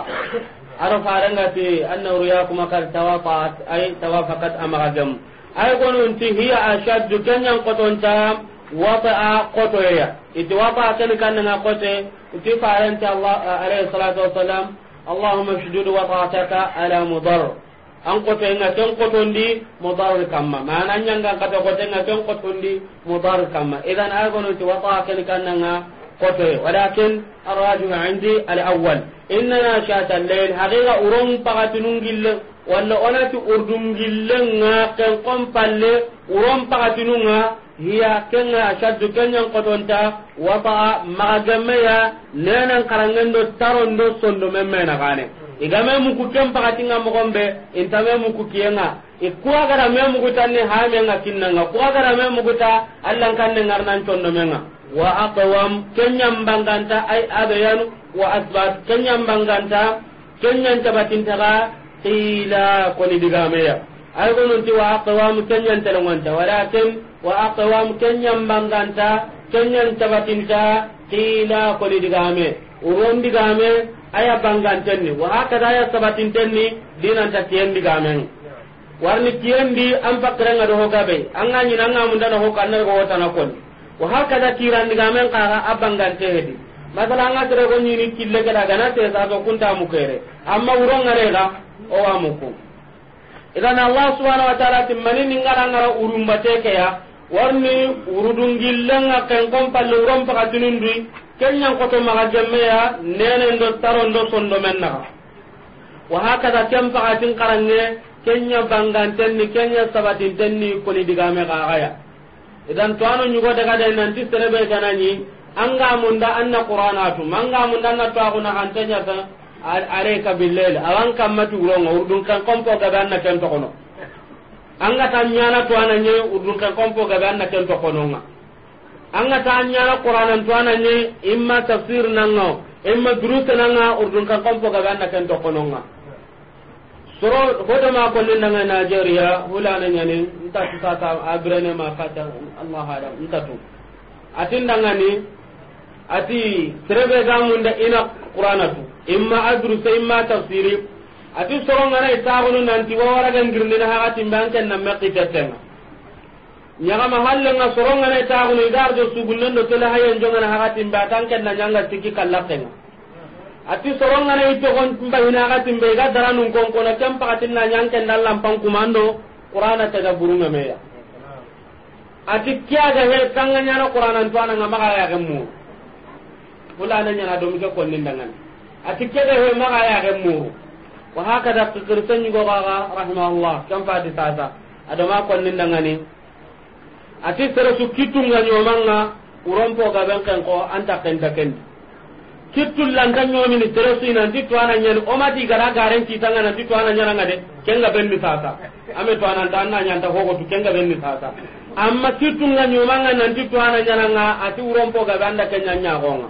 aro faranga ti anna ruyakuma kad tawafaqat ay tawafaqat amaga gem ay gonunti hiya ashaddu kanyan qoton tam wata'a kotoyoya iti wata'a keni kannanga kote uti farenti allah alayhi salatu wata'ataka ala mudar an kote nga mudar kamma mana nyanga kata nga mudar kamma idan ti wata'a keni kannanga walakin arraju indi al awwal innana shata layl haqiqa uron pagatinungille onati nga pagatinunga hiya kenga ashaddu kenyan kotonta wata magameya nenan karangendo tarondo sondo memmena kane igame muku ken pakatinga mogombe intame muku kiyenga ikuwa gara me muku tanne hamenga nga kuwa gara me muku ta allan kanne ngarnan condo menga wa aqwam kenyan banganta ay adayan wa asbat kenyan banganta kenyan tabatintaga qila koni digameya ay gonunti wa aqwam kenyan telongonta walakin wa aqwam kenyan banganta kenyan tabatinta qila koli digame uron digame aya bangantenni wa hakada aya sabatintenni dinanta tiyen digame warni tiyen di an pakkirenga do hogabe an ga nyina nga munda do hokka annabi ko na kon wa hakada tiran digame kaga abangante hedi masala anga tere ko nyini kille gada gana te sa so kunta mukere amma uron ngarela o wa mukum idan allah subhanahu wa ta'ala timmani ningara ngara urumbate ke ya warni urudungillenga ken kon palle uron pakatinindui kenyan koto maga ya nene ndo taro ndo sondo menna wa hakada ken pakatin karanne kenya tenni kenya sabatintenni koni digame aya idan to anu nyugo daga de nanti serebe ganani anga munda anna qur'ana tu anga munda anna twaxuna xantenya are ka billel awan kamma tuguronga urdun kan kompo gabe anna ken tokono anga ta nyana to urdun kan kompo gabe anna ken nga anga ta nyana qur'anan to ananye imma tafsir nango imma durus nga urdun kan kompo gabe anna ken tokononga soro hoda ma ko nga nigeria nta ta abrene ma fata allah hada nta tu atinda ati serebe gamunda ina qur'ana tu imma adrusa imma tafsiri ati sorongana itagunu nanti wawaragangirndina hakatimbe anken na meqitetenga ñagama hallenga sorongana itagunu idarjo sugunnen do tele hayenjongana hakatimbe atanken na ñanga sikki kallakenga ati sorongana itogon mbayina hakatimbe iga daranun konkona ken pakatinna ñanken dallanpankumando qur'ana tega burunga meya ati kiaga he kanga ñana qur'ana ntoananga magayage muu fulana nyana domi ke konnin dangan ati kebe he maga ya ke muru wa hakada qirtan yugo gaga rahimahullah kam fa di sasa adama konnin dangani ati sere su kitunga nyomanga urompo ga ben kan ko anta kan ta kan kitul lanta nyomi ni sere su inanti to ana nyani o mati gara garen ti tanga nanti to ana nyana ngade kenga ben mi sasa ame to ana tan na nyanta ko ko tu kenga ben mi sasa amma kitunga nyomanga nanti to ana nyana nga ati urompo ga banda kenya nyagonga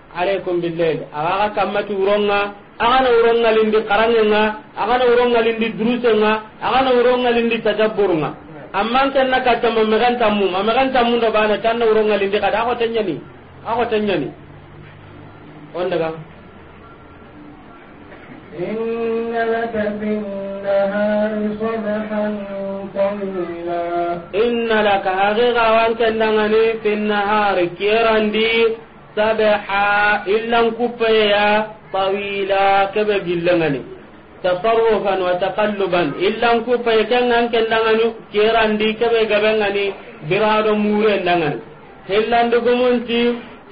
alaykum billayl aga kammati uronga agana urongalindi karangenga agana lindi durusenga agana urongalindi tajabburunga amman kenna kattama megantammu ma megantammu do bana tanna urongalindi kada ako tenyani ako tenyani on daga إن لك في النهار صبحا طويلا إن لك حقيقة وأنت في النهار كيرا دي sabaha illan kupeya tawila kebe gillangani tasarrufan wa taqalluban illan kupeya kengan kendangani kirandi kebe gabengani birado mure ndangani hillandi gumunti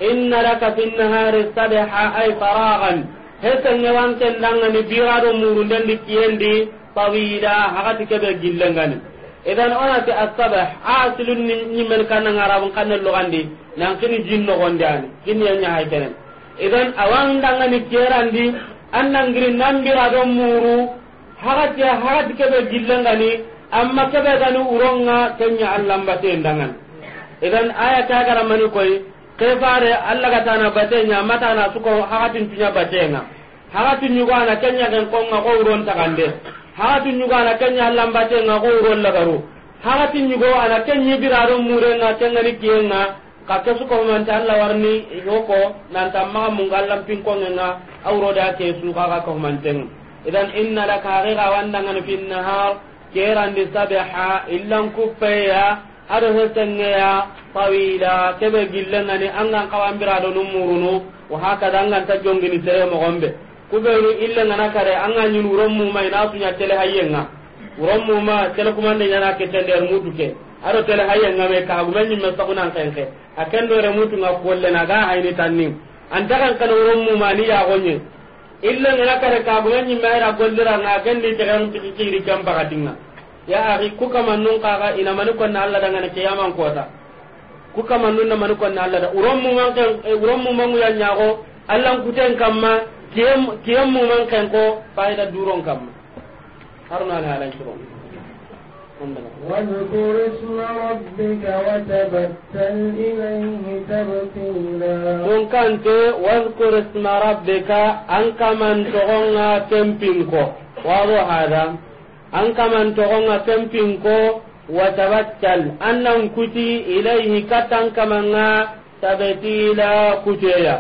inna laka fi nahari sabaha ay faragan hesanye wan kendangani birado murundendi kiyendi tawila hakati kebe idan onati asabah asilun ni ñimmen kanna ngarabun kanna logandi nan kini jin nogondi ani kini ya ñahay kenen idan awan dangani kerandi an nangiri nambira do muru hagati hagati kebe gillengani amma kebe gani uronga kenya allambate dangan idan aya ta gara mani koy kefare allah ga tana batenya mata na suko hagatin tunya batenga hagatin yugo ana kenya gen konga ko uron tagande hagati ñugo ana kenya allambatenga ko urollagaru hagati ñugo ana kenyi biraro murenga kengani kiyenga ka kesu kohomanta alla warni hoko nanta maga munga allanpinkongenga da ke sukaga kohomantenga idan inna laka haqiqa wandangani fi nnahar kerandi sabaha illan kuppeya aɗo hesengeya tawila keɓe gillengani angan kawambirado numurunu wa hakada ta jongini sere mogonɓe kubenu ille ngana kare anga nyinu rommu mai na tunya tele hayenga rommu ma tele kumande nyana ke tender mutu ke aro tele hayenga me ka gumen nyimme sakuna kanke akendo re mutu nga kolle na ga hayni tanni anta kan kan rommu ma ni ya gonye ille ngana kare ka gumen nyimme ra gollira na gandi te kan tikiri kamba kadinga ya ari ku ka ga ina mani kon na Allah dangane kiyaman kota ku kamannun na manu kon na Allah da rommu ma kan eh, rommu ma ya nyago allan kuten kamma kiyam mu man kan ko faida duron kamma harna al halan shuru واذكر اسم ربك وتبتل إليه تبتيلا من كانت واذكر اسم ربك أنك من تغنى تنبينكو واضح هذا أنك من تغنى تنبينكو وتبتل أنهم كتي إليه كتن كمنا تبتيلا كتيا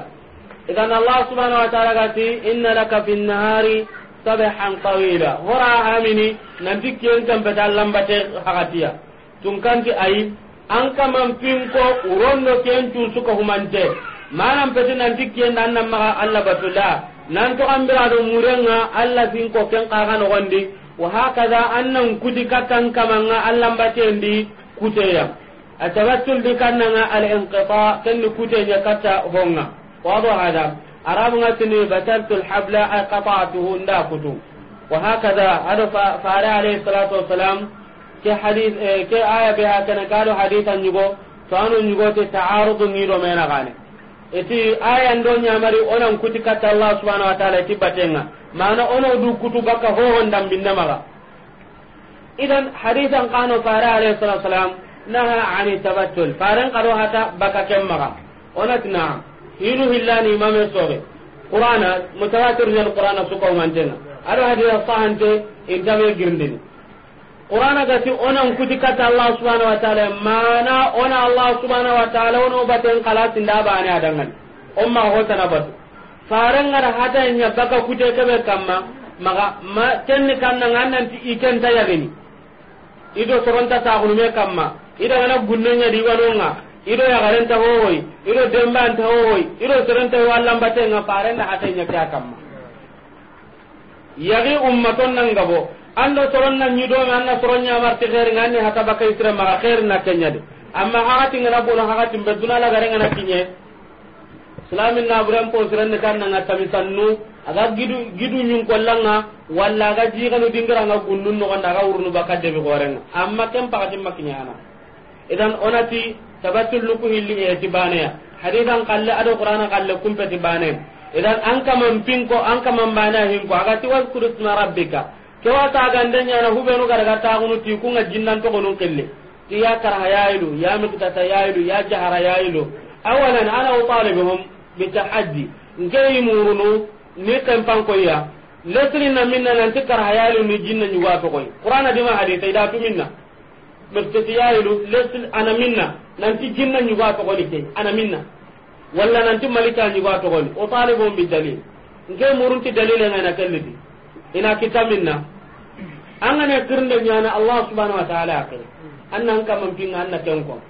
idan allah subhanahu wa ta'ala gati inna laka fi nahari sabahan qawila hora amini nan nanti kiyen tampeta lambate hakatiya tun kanti ayi an kaman pinko uronno kiyen tun suka humante manan peti nanti kiyen dan nan maga allah batula nan to ambira do murenga allah pinko ken kaga no gondi wa hakaza annan kudi katan kamanga allah batendi kuteya atabattul bikannanga al inqita kenni kutenya kata honga واضح هذا أرام أتني بترت الحبل قطعته نداكتو وهكذا هذا فعل عليه الصلاة والسلام كحديث كآية بها كان قالوا حديثا نجو فأنا نجو تعارض نيرو مينا غاني iti ayan do nyamari onan kuti kata Allah subhanahu wa ta'ala ti mana ono du kutu baka ho hon dam binna maga idan hadithan qano fara alayhi salatu wasalam naha ani tabattul faran qaro hata baka kemma ona tina hinu hillani imame sore. qur'ana mutawatir nyal qur'ana su ko mantena ado hadira sahante intame girndini qur'ana gati ona kuti kata allah subhanahu wa ta'ala mana ona allah subhanahu wa ta'ala ono baten kalatin da bane adangan umma hota na batu farangar hata nya baka kute kebe kamma maka ma kenni kanna ngannan ti iken ta yagini ido soronta ta gulume kamma ida na gunne nya diwanonga ido yagarenta hohoy ido dembanta hohoy ido serenta ho allambatenga farenna hatenya kya kamma yagi ummaton nangabo ando soronna ñidome anna soronñamarti xeringa anni hata baka isre na xerina keñadi amma haxatingana bono haxatin be duna nga lagarengana kiñe islamin naburen posirenni kannanga tamisannu aga gidu gidu ñunkollanga walla aga jixanu dingiranga gunnun noxonda aga wurunu baka debi xoorenga amma ken paxatin ma kiñana idan onati tabatul luku hilli e tibaneya hadidan qalla ado qur'ana kum pe tibane idan an kaman ko an kaman hin hinko agati wazkur isma rabbika ke wa ta gande nya na hubenu gara ga ta gunu ti kunga jinnan to gonun kelle ti ya karha yailu ya mutata ta yailu ya jahara yailu awalan ana utalibuhum tahaddi ngey murunu ni kempan ya lesri na minna nan ti karha yailu ni jinnan yuwa to ko qur'ana dima hadita ida tu minna miftitiyailu lesin ana minna nanti jinna ñugo a togoni ke ana minna walla nanti malika ñugo a togoni o talibon bi dalil nke murunti dalile ngana kelliti ina kita minna angane kirnde ñana allah subhanau wa taala ake annan kaman pinga anna ken kon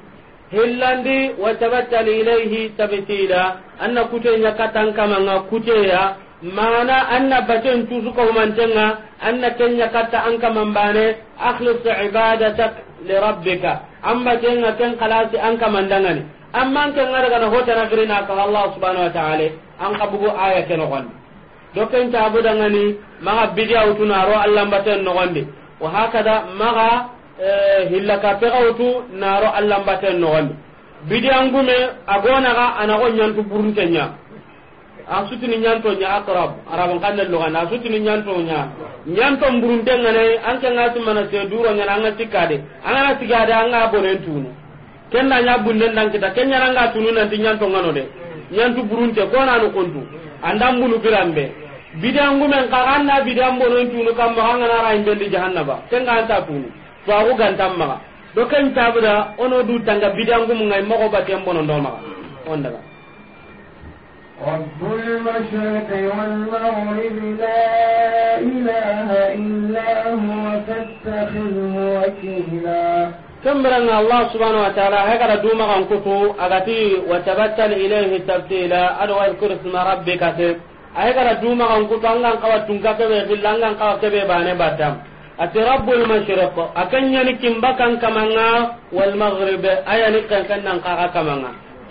hillandi wa tabattali ilayhi tabtila anna kute nya katan kamanga kute ya mana anna baten tusu ko mantenga anna kenya kata an mambane akhlis ibadatak lirabbika amba kenga ken khalasi an kamandangani amma an kenga daga na hotara girina ka Allah subhanahu wa ta'ala an ka bugo aya ke gondi do ken ta budangani maga bidiya utuna ro Allah mbaten no gondi wa hakada maga hillaka pega utu naro Allah mbaten no gondi bidiya ngume agona ga anago nyantu burntenya asutini nyanto nya akrab arabon kanne loga na asutini nyanto nya nyanto mburunde ngane anke ngati mana se duro ngana anga tikade anga tikade anga bore tunu kenna nya bunne ndan kita kenya ranga tunu nanti nyanto ngano de nyantu burunte ko na no kontu andam bunu birambe bidangu men kaganna bidambo non tunu kam ma ngana ra imbe di jahannaba kenga anta tunu to agu gantam ma do ken tabra ono du tanga bidangu mun ngai mako batem bonon do ma on daga رب المشرق والمغرب لا إله إلا هو فاتخذه وكيلا kemberenga allah subhanahu wa taala hegara dumagan kutu agati watabattal ilayhi tabtila ado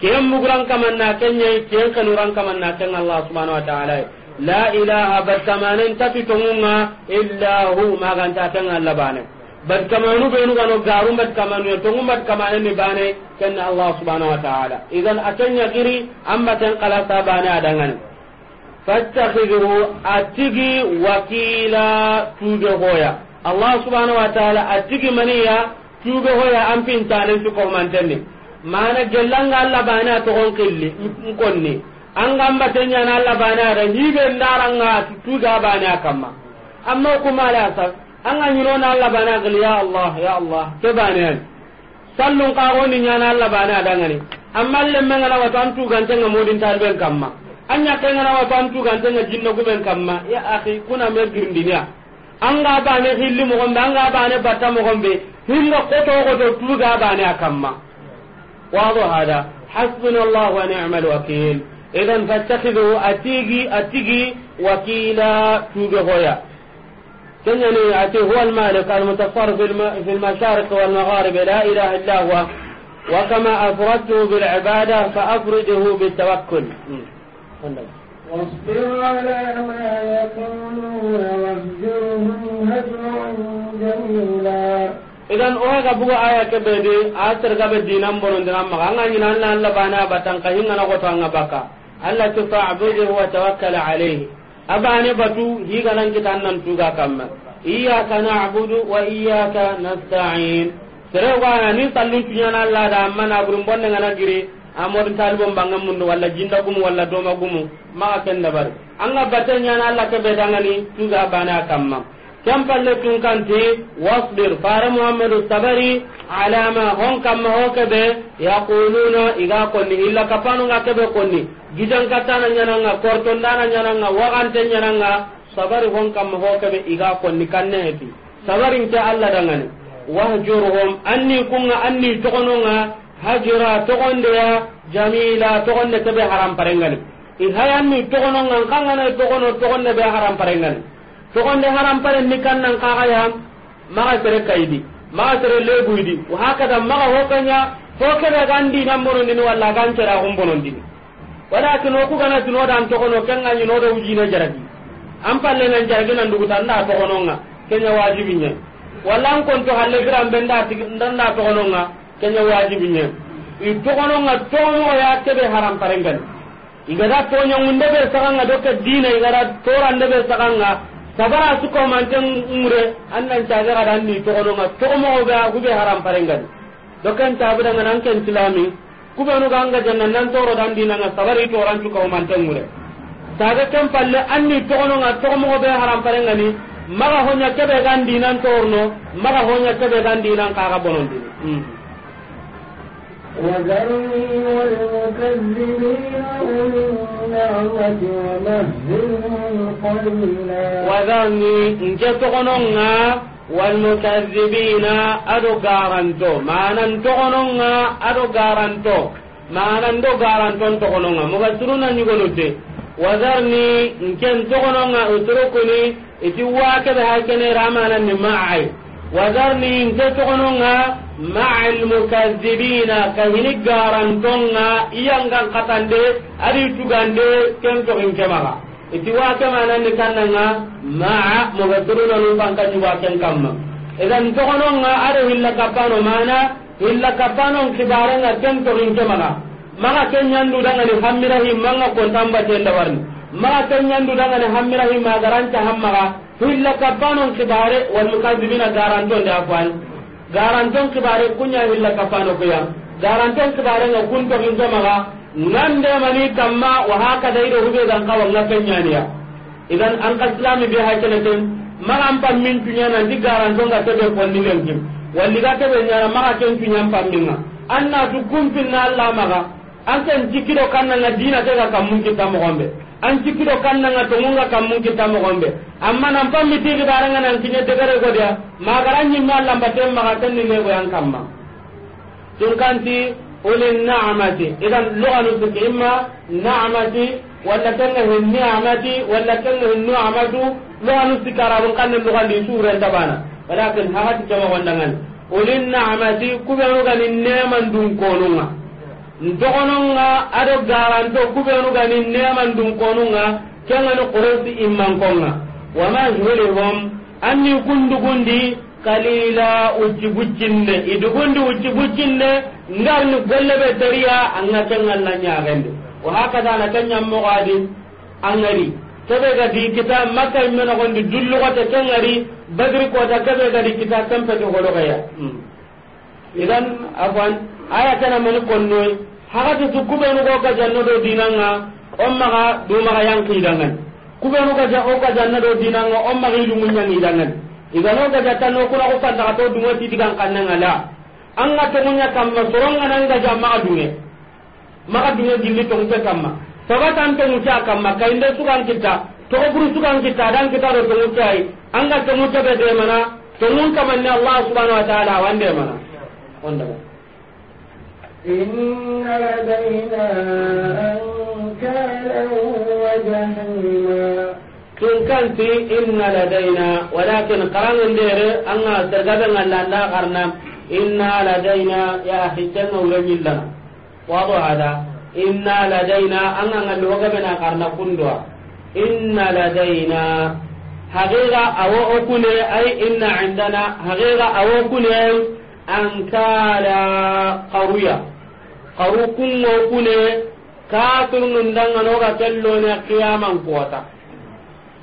ken muguran kamanna kenye ken kanuran na ken allah subhanahu wa ta'ala la ilaha barkamanen tati tongunga illa hu maganta ken allah bane barkamanu benu gano garum barkamanu tongun barkamanen ni bane ken allah subhanahu wa ta'ala idan atanya giri amma ken kala ta bane adangan fattakhidhu atigi wakila tuge hoya allah subhanahu wa ta'ala atigi maniya tuge hoya ampin tanen su ko mantenni mana gellanga alla bana to gon kelli nkonni an gamba tanya na alla bana da hibe ndaranga tu ga bana kamma amma kuma la sa an ga nyiro na alla bana gal ya allah ya allah ke bana sallun ka goni nya na alla bana da ngani amma le mengana wa tan tu gante nga modin tan ben an anya ke ngana wa tan tu gante nga jinna guben kamma ya akhi kuna me girndinya an ga bana hilli mo gombe an ga bana batta mo gombe hinga koto koto tu ga bana kama. واضح هذا حسبنا الله ونعم الوكيل إذا فاتخذه أتيجي أتيجي وكيلا توجه هويا كنني يعني أتي هو المالك المتصرف في المشارق والمغارب لا إله إلا هو وكما أفردته بالعبادة فأفرده بالتوكل واصبر على ما يقولون واهجرهم هجرا جميلا idan oha ga bugo aya ke bede a targa be dinan bonon dinan ma anga nyina Allah Allah bana batan ka hinga na ko tanga baka Allah tu fa'budu wa tawakkal alayhi abane batu higa nan kitan nan tuga kamma iyyaka na'budu wa iyyaka nasta'in sere wa ni sallin tunya na Allah da amma na gurin bonne ngana giri amor talbo bangam mundu walla jinda gumu walla doma gumu ma ken dabar anga batanya na Allah ke bedangani tuga bana kamma kem palle tun kanti wasbir fare muhammadu sabari alama hon kamma ho kebe yaquluna iga konni illa kapanunga kebe konni gidan katana nyananga kortondana nyananga wagante nyananga sabari hon kamma ho kebe iga konni kanne heti sabarin ta allah dangane wahjurhum anni kunga anni togononga hajira togondeya jamila togonde kebe haram parengani ihayanni togononga kangana togono togonde be haram parengani haram haramparen ni kannan kaxaya maxa sere kayidi maxa sere lebuyidi wahakada maxa hokaña fo keɓe gan dinan bonondini walla gan ceraxum bonondini walakin oku gana tinodan togono kenga ñinodo wujine jaragi an pallenan jaragi nan duguta tokono nga kenya wajibi ñe walla an konto halle biran be tokono nga kenya wajibi ñe i togononga tomoya keɓe haramparen gani igada toñangunde ɓe saganga doke dina igada torande ɓe saganga sabara su ko man tan umre annan sagara dan ni to ono ma to mo ga gube haram parengani dokan ta bu dengan an ken ku kube no ga anga jannan nan to ro dan dinanga sagari to ran su ko man tan umre saga kan palle anni to ono nga to mo be haram pare parengani maga honya kebe gan dinan torno maga honya kebe gan dinan kaga bonon dini hmm. وذرني والمكذبين أولي الدعوة ومهلهم قليلا وذرني إن جتغنونا والمكذبين أدو غارانتو ما ننتغنونا أدو غارانتو ما نندو غارانتو نتغنونا مغسرونا نيغنوتي وذرني إن كنتغنونا اتركني إتواكد هكذا رامانا معي وذرني إن جتغنونا مع المكذبين كهن جاران تونا يانغان قتاندي ادي توغاندي كن توين كما iti wa kama nan ni kannanga ma'a mugadiruna nun banka juwa ken kamma idan tokono nga ado hilla kapano mana hilla kapano kibaranga ken to rin kemaga maga ken nyandu danga ni hammira himmanga ko tamba tenda warni maga ken nyandu danga ni hammira himma garanta hammaga hilla kapano kibare wal mukadzibina garanto nda afwan garanton kibare kunya illa kafano kuya garanton kibare nga zama ga nan da mani kamma wa hakada ido rube dan kawa nga kenyaniya idan an ka islami bi hakene tem an pam min tunya nan di garanton ga tebe ni lenkim walli ga tebe nyara maga ken tunya min na anna du fil na Allah ga an ken jikido kanna na dina ga kamun kita mo gombe an cikido kannanga tongunga kammun kitta mogonɓe amma nan pammiti kibaranga nan kiñe degere godia magara ñimme a lambaten maga kenninegoyan kamma tun kanti uli namati idan luganu suki imma namati walla kenga hin niamati walla kenga hin nuamatu luganu siki arabun kanne walakin hakati namati neman dun ndogononga ado garanto kubenu gani neman dun konunga kengani qurasi imman konga wama hulihum anni kundugundi kalila ucci buccinne idugundi ucci buccinne ngarni gollebe tariya anga kengal na ñagende wa hakada na kenñammogoadi angari kebe gadi kita makka imenogondi dullugote kengari badri kota kebe gadi kita kempete hoɗogoya hmm. idan afan aya tana meni konnoi hakati su kubenu ko ka janna do dinanga on ga do maga yanki dangan kubenu ka ja o ka janna do dinanga on maga ilu munyangi dangan igano ka ja n'o kuna ko ka ta to dungo ti digan kannanga la an ga to munya kamma soronga nan ga ja maga dunge ga dunge gilli to ngi kam ma to kam ma kai nda sukan kita to ko buru sukan kita dan kita do to munya an ga to munya be de mana to mun kamanni allah subhanahu wa taala wande mana on إن لدينا أنكالا وجحيما kin kanti inna ladaina walakin qarangan dere anga sergada ngallanda karna inna ladaina ya hitan urangilla wado hada inna ladaina anga ngallo gabena karna kundwa inna ladaina haqiqa awo okune ai inna indana haqiqa awo an ankala qawiya karu kungo kune kafir nun danga no ga kello ne qiyaman kota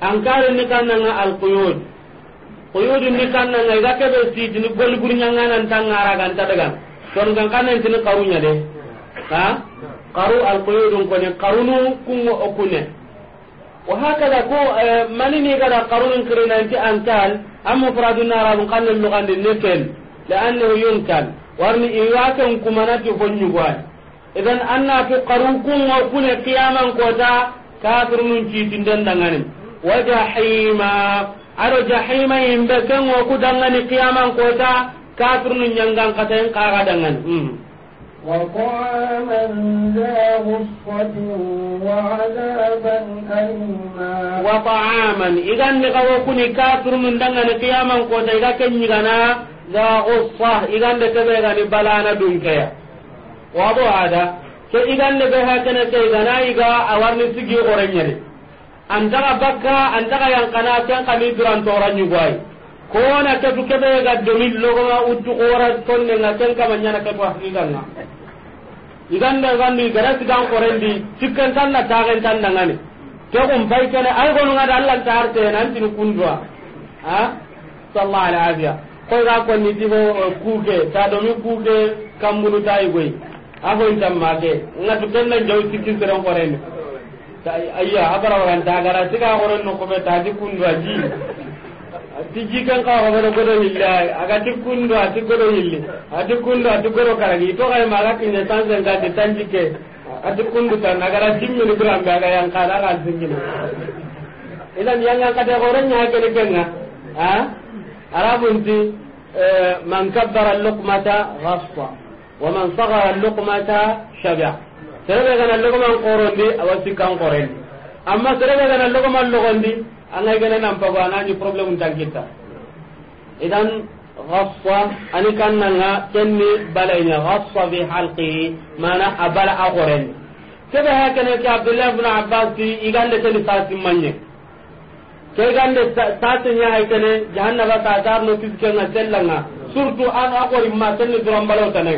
an kare ni kannanga al quyud quyud ni kannanga ga kebe si dini gol gurnya nganan tangara gan daga ton gan kanen tin nya de ha karu al quyud ko ne qarunu kungo okune wa hakada ko eh, manini kada qarunun kirina anti antal amma furadun arabun kannel lugandi neken la annahu yunkal warni iwaken kuma na ti honni gwai idan anna ki qaru kun wa kuna qiyaman kota kafir mun ci tin dan dangane wa jahima aro jahima in da ken wa ku dangane qiyaman kota kafir mun nyangang kata en kaga dangane hmm wa ta'aman la ghufatu wa 'adaban alima wa ta'aman idan ni qaru kun kafir mun dangane qiyaman kota ida ken nyigana za gussa igande kebe gani balana dunkeya wado ada ke de be hakene ke igana iga awarni sigi orenyere antaka bakka antaka kana ken kami duran tora nyugwai ko na ke tu kebe ga domin logo ma uttu ora ne na ken kama nyana ke wa higanga igande gandi garasi gan orendi sikkan tan na tagen tan dangane ke kum bai kene ay gonu ngada Allah tar te nan tin kundwa ha sallallahu alaihi wa sallam koy ga konni tigo eh, kuke ta domi kuke kambunu ta yi a goyi ako itamma ke ngatu kenna jaw sikki seren korene ayya abara wagan ta gara tiga koren no kobe ta di kundu aji ti kan ka ko bodo godo hilla aga ti kundu ati godo hilli ati a ti godo karagi to kay maga kinye tanzen ga de tanjike ati kundu tan agara jimmi ni burambe aga yang kala kan singin idan yang ngata koren nya ni kene kenga ha arabunti man kabbara luqmata ghasfa wa man saghara luqmata shabi'a serebe gana luqman qorondi awasi kan qorendi amma serebe gana luqman logondi anga gana nan pago anani problem tan kita idan ghasfa ani kannanga kenni balayna ghasfa bi halqihi mana abala a qorendi kebe hakene ke abdullah ibn abbas ti igande tani sasimanye ke gande sase nya hay tane ba ka tar no tiske na sellanga surtout an akori ma tan ni duran balaw tane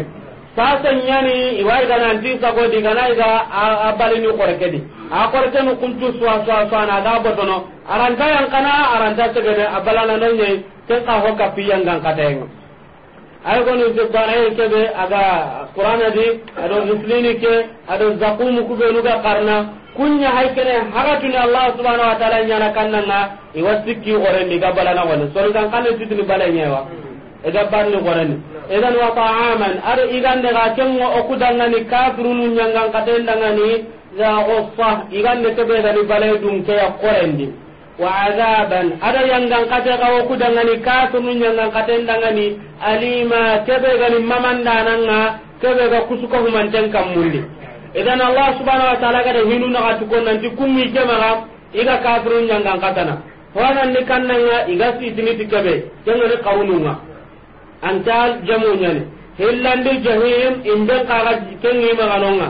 sase nya ni iwai gana anti sa go di gana iga abali ni kore kedi a kore tanu kuntu swa swa swa na ga botono aranta yang kana aranta tegene abalana nan nyai ke ka ho kapiyan gang katenga ay gonu je banaye kebe aga qur'an adi ado muslimi ke ado zakum ku be nuga karna kunya hay kene hagatuni allah subhanahu wa ta'ala nyana kannanga iwa sikki gorendi ga balana wala so kan kan tidini balanya wa ega banni gorendi idan wa ta'aman ar idan daga kengo okudanga ni kafirunu nyangan katendanga ni za ghossa igan ne kebe dali balay e dum ke ya gorendi وعذابا أدى ينغن قتل قوكو دنغني كافر ينغن قتل دنغني أليما كبغن ممن داننا كبغا كسكه من تنكم مولي إذن الله سبحانه وتعالى قد هنو نغتكون ننتي كمي جمعا إذا كافر ينغن قتنا honan ni kannanga iga sitini tikabe kengani qawununga anta jamu nyani hillandi jahim imbe qaga kengi maganonga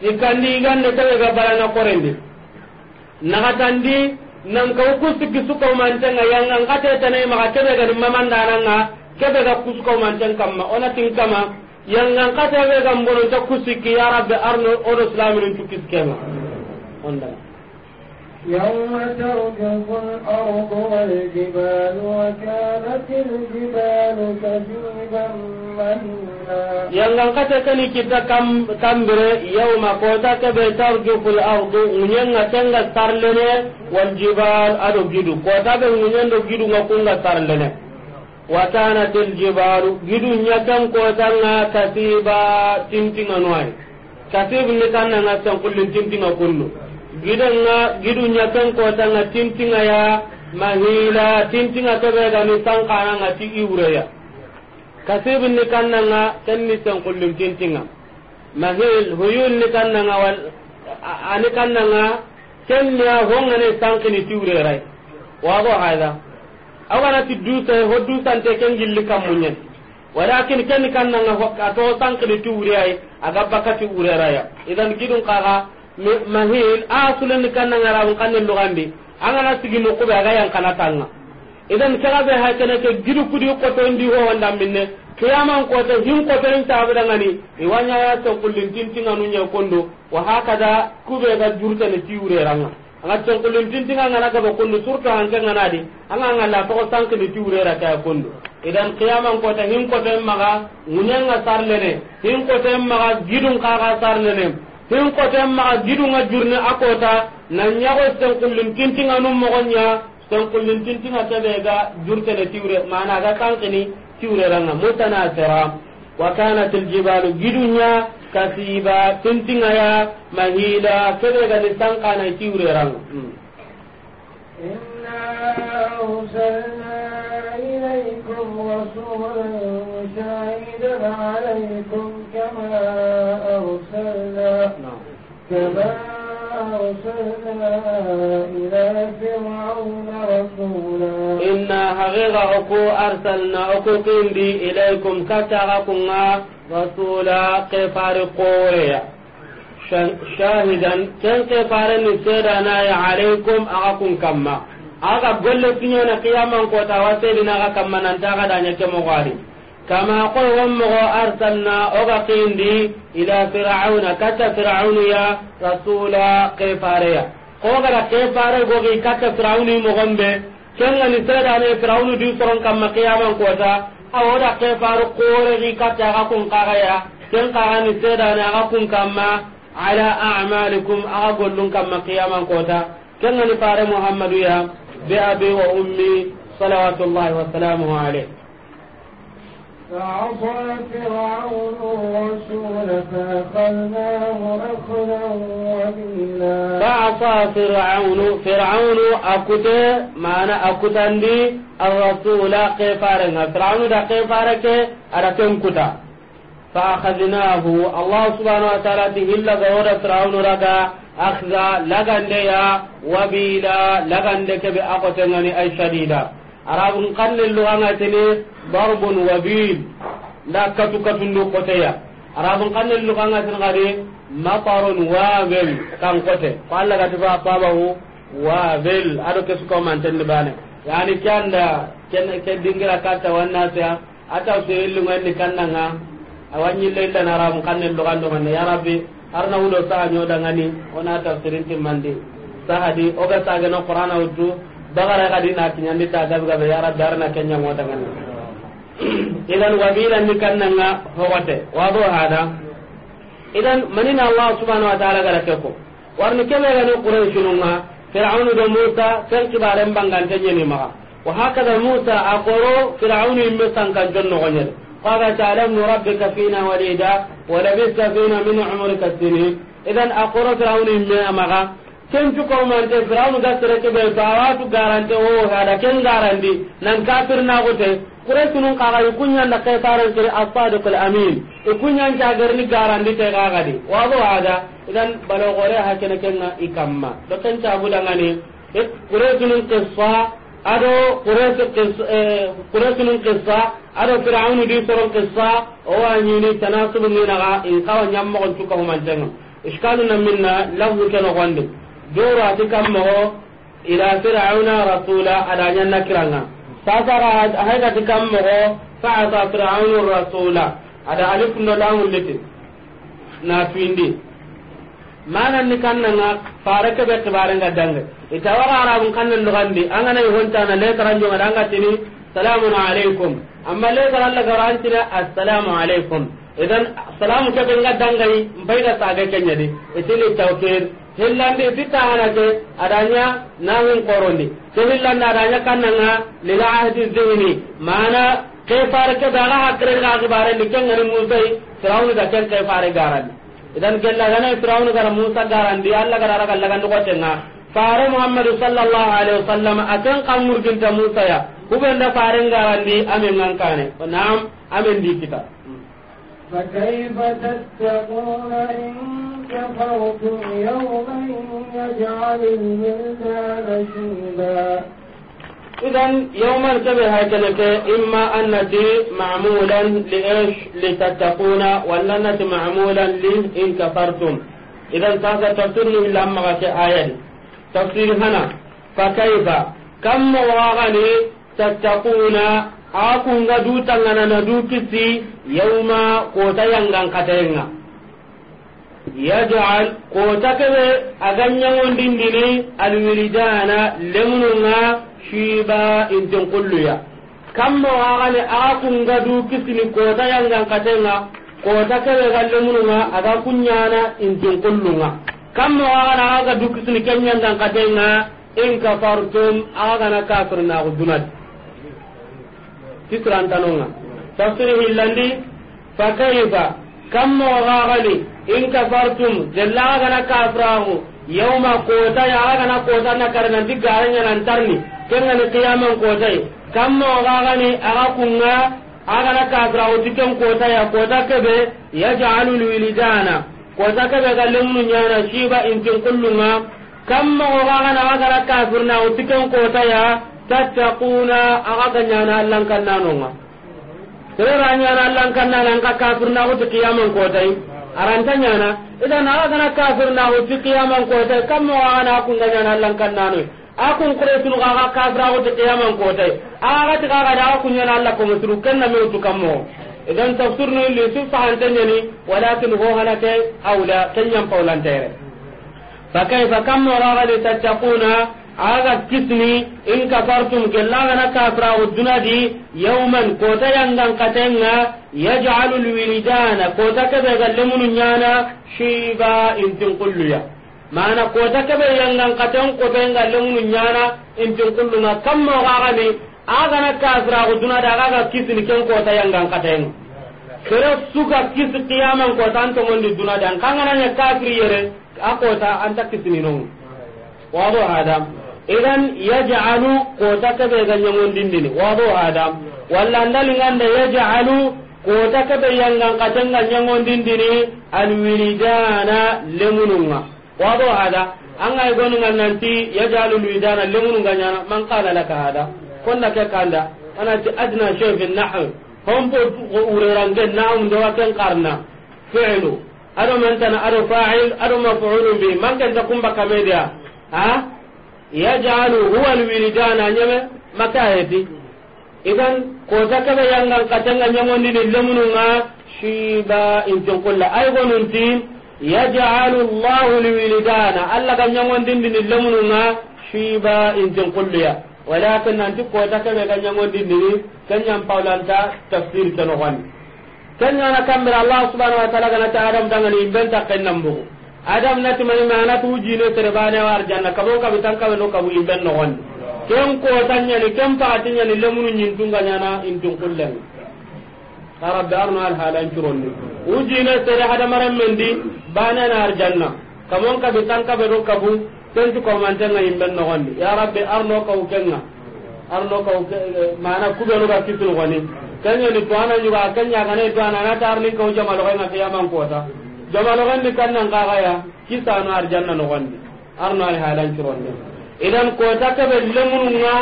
sikandi igande tabe ga barana korendi nagatandi nan ka ku sikki su ko man tanga ta ne ma ka kebe ga maman dananga kebe ga ku su ko man tanga ma ona tin kama yanga ngate be ga mbono ta ku ki ya rabbi arno odo islamin tukis kema onda يوم ترجف الأرض والجبال وكانت الجبال كثيبا yalla kata kani kita kam kambere ma kota ke be tarju ful ardu munyang atenga tarlene wal jibal adu gidu kota be munyang do gidu ngakunga tarlene watana til jibal gidu nyadang kota nga kasiba tintinga noai kasib ni tanna na sang kullin tintinga kunnu gidenga gidunya kan kota nga tintinga ya mahila tintinga kebe ga ni sankana nga ti iwreya kasibin ni kannanga ken ni sen kullum tintinga mahil huyun ni kannanga wal ani kannanga ken ni a honga ni sankini ti iwreya wago hada awana ti dusa ho dusa te ken gilli kamunyen walakin ken kannanga ho ka to sankini ti iwreya aga bakati iwreya idan gidun kaga mahil a kanna ngara nan kanne kan nan lugandi sigi no ko ga yang kana tanga idan kaga be kana ke gidu kudi ko to ndi ho wanda minne kiyaman ko to hin ko ben ta bu ngani e wanya ya to kullin tintin anu nya kondo wa hakada kube ga jurta ne tiure ranga anga to kullin tintin anga ga ba kondo surta anga ngana di anga anga la to sanke ne tiure ra ka kondo idan kiyaman ko to hin ko to maga munyanga lene hin ko to maga gidun ka ga lene hin koten maxa gidunga jurni a kota sen ñago senkullin nga num moxonña senkullin tintinga jurte de tiure mana aga ranga tiwreranga mutanasira wa kanat gidu gidunya kasiba tintingaya mahila keɓegani sankana tiwreranga hmm. eh, أرسلنا إليكم رسولا شاهدا عليكم كما أرسلنا كما أرسلنا إلى فرعون رسولا إنا حقيقة أرسلنا أكو كندي إليكم كتغكم رسولا كفار قوريا شاهدا كن كفار نسيرنا عليكم أكو كما aga golle kinyona qiyaman kota wasedina aga kammanantaga danyake mogwari kama koygon mogo arsalna oga kindi ila firauna katta firaunuya rasula kefareya kogara kefare gogi katta firaunu mogonɓe kengani sedane firaunu di soron kamma qiyaman kota awoda kefaru koregi katta aga kun kagaya ken kagani sedane aga kun kamma ala amalikum aga gollun kamma qiyaman kota ni fare muhammadu ya بأبي وأمي صلوات الله وسلامه عليه فعصى فرعون الرسول فأخذناه أخذا وبيلا فعصى فرعون فرعون أكت معنى أكتندي الرسول قفارنا فرعون دا قفارك أركن كتا فأخذناه الله سبحانه وتعالى تهلا غور فرعون رقا akhza lagande ya wabila lagande kebe akotengani ay shadida arabun kanne lugangatini darbun wabil la katu katundu koteya arabun kanne lugangatini gari matarun wabel kan kote ko gati fa asabahu wabel ado kesu ko mantenni bane yani ken dingira kata ata kannanga ya rabbi har na wudo saha ñodangani wona tafsirinti mandi sahadi oga sageno qur'ana wuttu bagara kadi na kiñandi ta gabgabe ya rabbi arna keñangodangani [clears throat] idan wabilandi kannanga hogote wado hada idan manina allah subhanahu wa taala gara keko warni keɓegani quraishinunga fir'aunu da musa ken mbangan bangante ñeni ma. wa hakada musa a koro fir'aunu imme sankanjon nogoñede قالت ألم نربك فينا وليدا ولبثت فينا من عمرك السنين إذا أقر فرعون ما مغا ken cukomante firawnu gasere keɓe bawatu garante o hada ken garandi nan kafir nagote kuresinun kaxayi kuñanda kesarankiri asadiq l amin i kuñancagerni garandi te kaxadi wago hada idan balogore ha kene kenga i kamma do ken cabudangani kuresinun kessa ado kuresunun eh, kissa ado firaunu di soron kissa owa ñini tanasubu minaga in kawa ñammogon cukahumantenga na minna lafdu ke nogondi doro ati kammogo ila firauna rasula ada ñanna kiranga sasara haygati kammogo faasa firaunu rasula ada alifundo liti na tuindi manan ni kannanga fare ke bet bare nga dange itawara arabun kannan lugandi angana yi hontana le taranjo ngada anga tini salamu alaikum amma le taralla garantina assalamu alaikum idan salamu ke ben nga dangai mbaida saga kenya di itili tawkir hillandi fitta hanake adanya nahin korondi ke hillandi adanya kannanga lil ahdi zihni mana ke fare ke daga hakre ga gibare ni kenya ni muzai tarawni da ken ke fare garani idan gella gana firaun gara musa garandi alla gara raga alla gandu qotenga fare muhammad sallallahu alaihi wasallam akan kamur ginta musa ya hubenda fare garandi amen ngangkane nam amen di kita فكيف تتقون إن كفرتم يوما يجعل الولدان شيبا إذا يوما تبه هكذا إما أن معمولا لإيش لتتقون ولا أنت معمولا إن كفرتم إذا تاسا تفسير لما آية تفسير هنا فكيف كم مواغني تتقون akunga dutangana na dukisi yauma kota yangan katayenga yaj'al kota kebe aganyawondindini alwiridana lemununga shiba intin kulluya kamma wagane aga kungadu kisini kota yangankatenga kota kebe gallemununga aga kunyana intin kullunga kamma wagane aga gadu kisini ken yangankatenga in kafartum aga gana kafir nagu dunadi kisirantanonga tafsiri hillandi fakaifa kamma wagagani in kafartum gella aga gana kafirahu yauma kota ya aga gana kota na karnanti garanya nantarni kenga ni qiyaman kotai kamma ogagani aga kunga agana kasra oti ken kotaya kota kebe yajalu lwilijana kota kebe ga nyana shiba intin kullunga kamma ogagana agana kafirna oti ken kotaya tattakuna aga ga nyana allankannanonga serera nyana allankannana anka kafirna oti qiyaman kotai aranta nyana idan aga gana kafirna oti qiyaman kotai kamma ogagana akunga nyana allankannanoi akun kure tunu ga ga kafra ko te kiyaman ko tay aga ti ga da akun yana Allah ko mutru kenna me utu kammo idan tafsir no li su fahan tanyani walakin ho halaka aula tanyan paulan tayre fa kayfa kammo raga li tattaquna aga kisni in kafartum gella na kafra ko dunadi yawman ko tayangan katenga yaj'alu alwilidana ko takabe gallemun nyana shiba intin kulluya mana kota keɓe yangan katen kotoenga lemunu ñana intin kullunga kammoxaxani agana da aga agaga kisini ken kota yangan katen kere suga kisi qiyaman kota an togondi dan kangana ne kafiri yere a kota anta kisininongu wado adam idan yajcalu kota keɓega ñagondindini wado adam walla andalinganda yajcalu kota keɓe yangan katenga ñagondindini alwiridana lemununga wado hada an ga gonu nanti yajalu lemu nan ganya man kala laka hada na ke kanda ana ti adna shay fi nahw hom po na um do waken karna fi'lu ado man tan ado fa'il ado maf'ul bi man kan ta kumba kamedia ha jalu huwa alwilidana nyame makahedi idan ko zakaba yanga katanga ba in shiba intonkolla ay tin يجعل الله الولدان الله كان يمون دين دين لمننا شيبا إن تنقليا ولكن أنت قوتك كان يمون دين دين كان ينفعل أنت تفسير تنغني كان أنا كمل الله سبحانه وتعالى كان تعلم دعنا يبين تقن نبوه adam nati mani mana tu jine terbane war janna kabo kabi tanka be no kabu imben no gon ken ko tanya ni ken pa tinya ni lemunu nyin tunga nyana intun kullen arabbe arno al halan curonni ujine sere hadamaren mendi bana arjanna kamon ka be tan ka be do kabu tentu ko man tan ngi men nogondi ya rabbi arno ka ukenga arno ka mana kube ga kitul goni kanya ni to ana kanya kana to ana na tarni ko jama lokai ga ya kota jama lokai ni kanna nan ga ya kisa no arjanna nogondi arno al halan idan kota ka be lemununga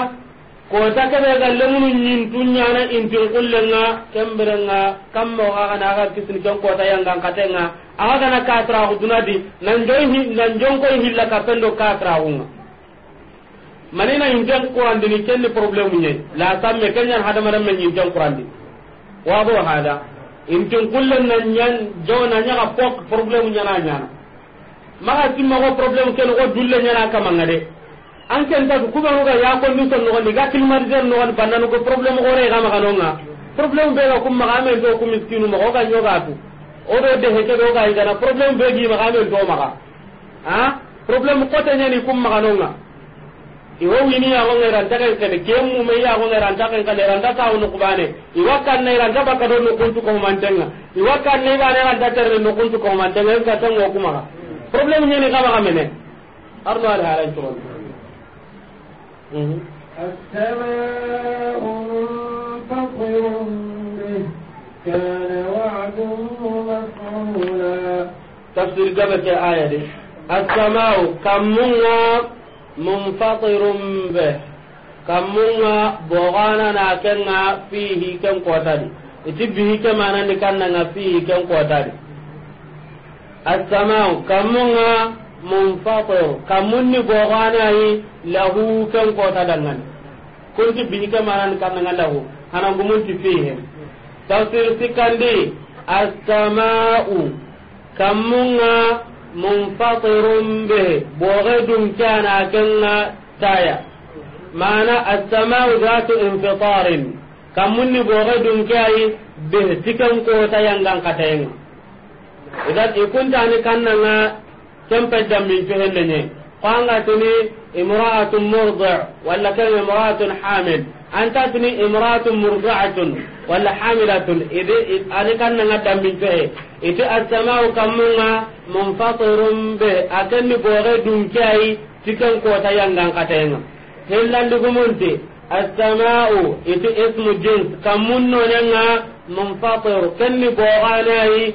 kota kebe galle munu nyin tunyana nga kullenga kemberenga kammo ga kana ga kisin jon kota yanga katenga aga kana katra di nan jon hi nan jon ko hilla ka pendo katra hunga manina intin qur'an dini kenni problem nyen la samme kenya hada maram men intin qur'an di wa bo hada intin kullen nan nyan jona nya ga pok problem nyana nyana maga timma ko problem ken ko dulle nyana kamanga de an ken ta ku ba ga ya condition no ni ga kilmarizer no wan banna no ko problem gore ga ma kanonga problem be ga kum ma ga men do kum miskinu ma ga nyoga tu o do de heke do ga ga problem be gi ma ga men do ma ga ha problem ko ta nyani kum ma kanonga iwo wini ya ngonga ran takan kene kemu me ya ngonga ran takan kale ran ta tawu no kubane iwa kan ne ran ta baka do no kuntu ko mantenga iwa kan ne ba ne ran ta tere no kuntu ko mantenga ga tan ko kuma problem nyani ga ma ga mene arno ala halan to Mm-hmm. السماء منفطر به كان وعده مفعولا تفسير قبل آية دي السماء كم منفطر به kammunga bogana na kenga fihi ken kotadi iti bihi ke mana ni kanna nga fihi ken kotadi asama kammunga munfaqo kamunni gogana yi lahu kan ko ta dangan kunti binika manan kan nan lahu hanan gumunti fihi tafsir sikandi as-samaa'u kamunga munfatirun be boge dum kana kenga taya mana as-samaa'u zatu infitarin kamunni boge dum kai be tikan ko tayangan katayen idan ikunta ni kannanga kempe jammin fehelle nye kwanga tini imra'atun murdi' walla kan imra'atun hamil anta tini imra'atun murdi'atun walla hamilatun idi ani kanna nga jammin fehe iti as-sama'u kamunga munfatirun be akanni boge dunkai tikan kota yangan katenga hillandi gumunti السماء إت اسم جنس كم منو منفطر كن بوغاناي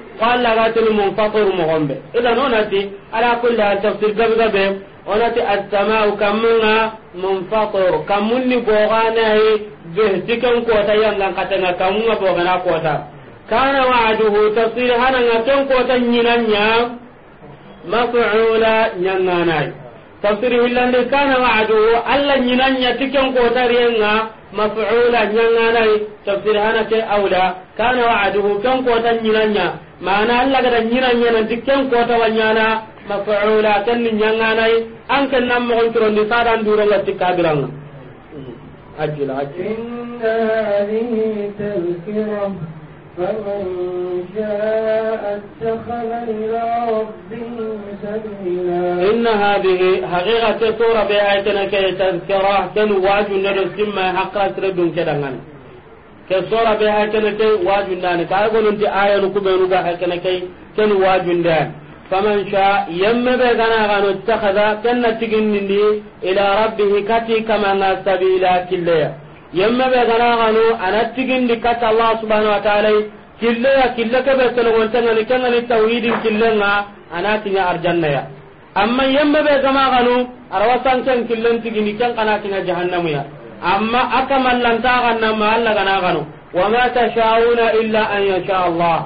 ko Allah ga tani mun fatir mo gombe idan onati ala kulli hal tafsir gabe gabe onati as-samaa'u kamunga mun fatir kamunni bogana hi behtikan ko ta yangan katanga kamunga bogana ko ta kana wa'aduhu tafsir hananga ken ko ta nyinanya maf'ula nyanganai tafsir hillande kana wa'aduhu alla nyinanya tikan ko ta riyenga مفعولا نيانا تفسير هنا كي أولى كان وعده كم قوتا نيانا معنى ألا قد نينانيا نتي كم قوتا ونيانا مفعولا كن نيانا أنك نم غنتر لسادا دورا لتكابرا أجل أجل إن هذه تذكرة فمن جاء اتخذ إلى ربه سبيلا إن هذه حقيقة سورة بآيتنا كي تذكرة كان واجب نرسم حقا سردون كدنان ke sora be hay kene kay wajundani ka gonon ti aya nu kubenu ga hay kene kay ken wajundani faman sha yamma be gana gano takhada kenna tigin ila rabbihi kati kama yemme be gana ganu anattigindi katta allah subhanahu wa ta'ala kille ya kille ke be telegontanga ni kangani tawhidin kille nga anatinya arjanna ya amma yemme be gama ganu arawasan kan killen tigini kan kana tinya jahannamu ya amma akamallanta ganna ma allah gana ganu wa ma tashauna illa an yasha allah